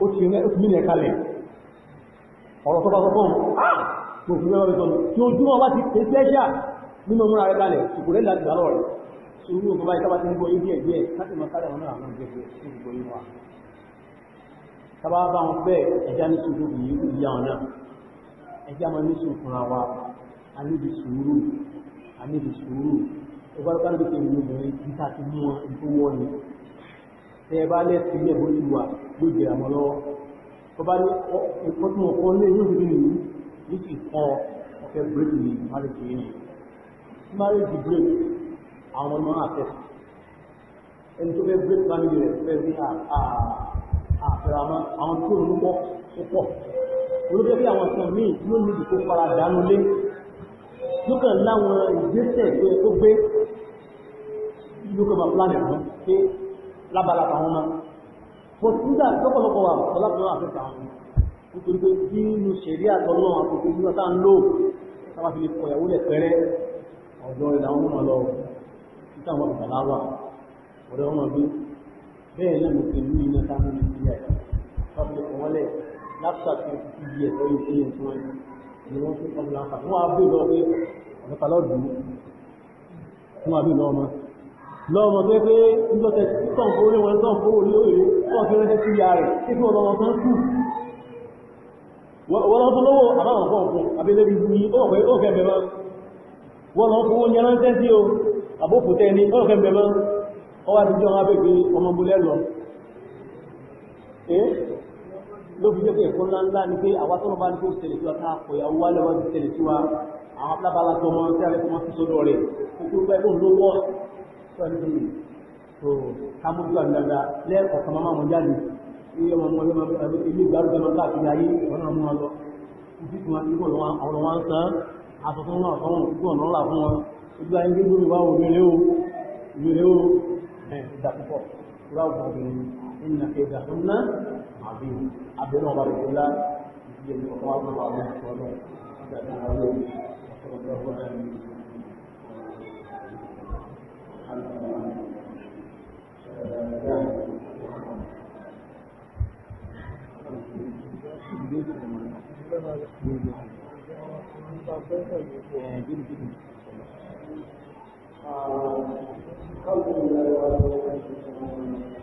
ó ti rẹ̀ ó ti mílẹ̀ kalẹ̀ ọ̀rọ̀ tó bá sọ fún ah! mo fi mẹ́wàá sọ tí ó júmọ́ bá ti pè sẹ́ṣà nínú múra rẹ̀ kalẹ̀ ìkòlẹ́ láti gbà lọ́rẹ̀ sórí òkú báyìí tábà ti ń gbọ́ yín díẹ̀ díẹ̀ láti mọ sáré àwọn náà àwọn ìjẹ́ fún ìgbọ́ yín wa ní sùúrù yìí wa a níbi sùúrù a níbi sùúrù ẹgbẹ́ ló ti rìn obìnrin níta ti mú wọn tó wọ́ ni tẹ ẹ bá lẹ́sìn ilé bó ti wà ló jẹ àmọ́ lọ́wọ́ tó bá ní ẹ̀kọ́ tí wọ́n kọ́ lé yóò fi nìyí ní sì kọ́ ọ̀fẹ́ bírèkì ní márèjì yẹn ní márèjì bírèkì àwọn ọmọ àfẹ́ ẹni tó fẹ́ bírèkì fámìlì rẹ̀ fẹ́ sí àfẹ́ramọ́ àwọn tó rò ń pọ̀ ó bí àwọn kan míì ló ní ìdíkó fara dánú lé lókàn láwọn ìgbésẹ̀ tó yẹ kó gbé lókàn bá pláàni fún pé lábalábà wọn máa bó nígbà tọ́pọ̀lọpọ̀ wà ọlọ́pàá àfẹ́fẹ́ àwọn nítorí pé nínú ṣẹ̀rí àtọ́nà àkókò nígbà tá ń lò táwa fi lè kọ ìyàwó lẹ̀ pẹ́rẹ́ ọ̀dọ́ rẹ̀ làwọn ọmọ lọ títà wọn bàbá láwà ọ̀dọ́ wọn bí bẹ́ẹ̀ náà mo fi lú iná táwọn ní ìpínlẹ̀ táwa fi lè kọ wọ́n lẹ̀ láti ṣàfihàn ìdí ẹ̀tọ́ yìí sí ẹ̀tọ́ yìí ni wọ́n fi ọmọ láǹfà wọ́n á bí lọ pé ọ̀pọ̀ta lọ́dún wọ́n á bí lọ ọmọ lọ́mọ pé pé ìjọ́tẹ̀ tán orí wọn tán fó orí orí wọ́n fi rẹ́sẹ̀ sí ìyá rẹ̀ ikú ọmọ tán kú wọ́n lọ fún lọ́wọ́ àbáwọn fún ọkùn abẹ́lẹ́bí ní ọ̀pẹ́ ọ̀fẹ́ bẹ̀rẹ̀ wọ́n lọ fún oúnjẹ ránṣẹ́ sí o àbókùtẹ́ ní ọ̀fẹ́ bẹ̀rẹ̀ ọwá ti jọ wọn abẹ́gbẹ̀ ọmọ bulẹ́ lọ ló fi jẹ́ pé ẹ̀kọ́ ńlá ńlá ni pé àwa tó ń bá ní kó ṣẹlẹ̀ sí wa ká àpò ìyàwó wa lọ́wọ́ ti ṣẹlẹ̀ sí wa àwọn abúlábàlá tó mọ tí a lè fọmọ sí sọ́dọ̀ rẹ̀ kókó gbẹ́ ló ń ló wọ́ sọ́dọ̀ mi tó ká mójú àgbàgbà lẹ́ẹ̀kọ̀ọ̀kan máa wọn jáde ní ọmọ ọmọ ọmọ ilé ìgbàlódé ọmọ káàkiri ayé ọ̀nà ọmọ lọ ibi tí wọn ti kọ̀ ọ̀rọ̀ wọn sàn aṣọ tó ń wà wọn kúkú ọ̀nà ńlá fún wọn ojú ayé gbígbó mi wá òmìnir o òmìnir o ẹ̀ ìdàpọ̀ ìwà òmìnir ìnà العظيم عبد الله بارك الله في الله العظيم وصلى الله على Thank you.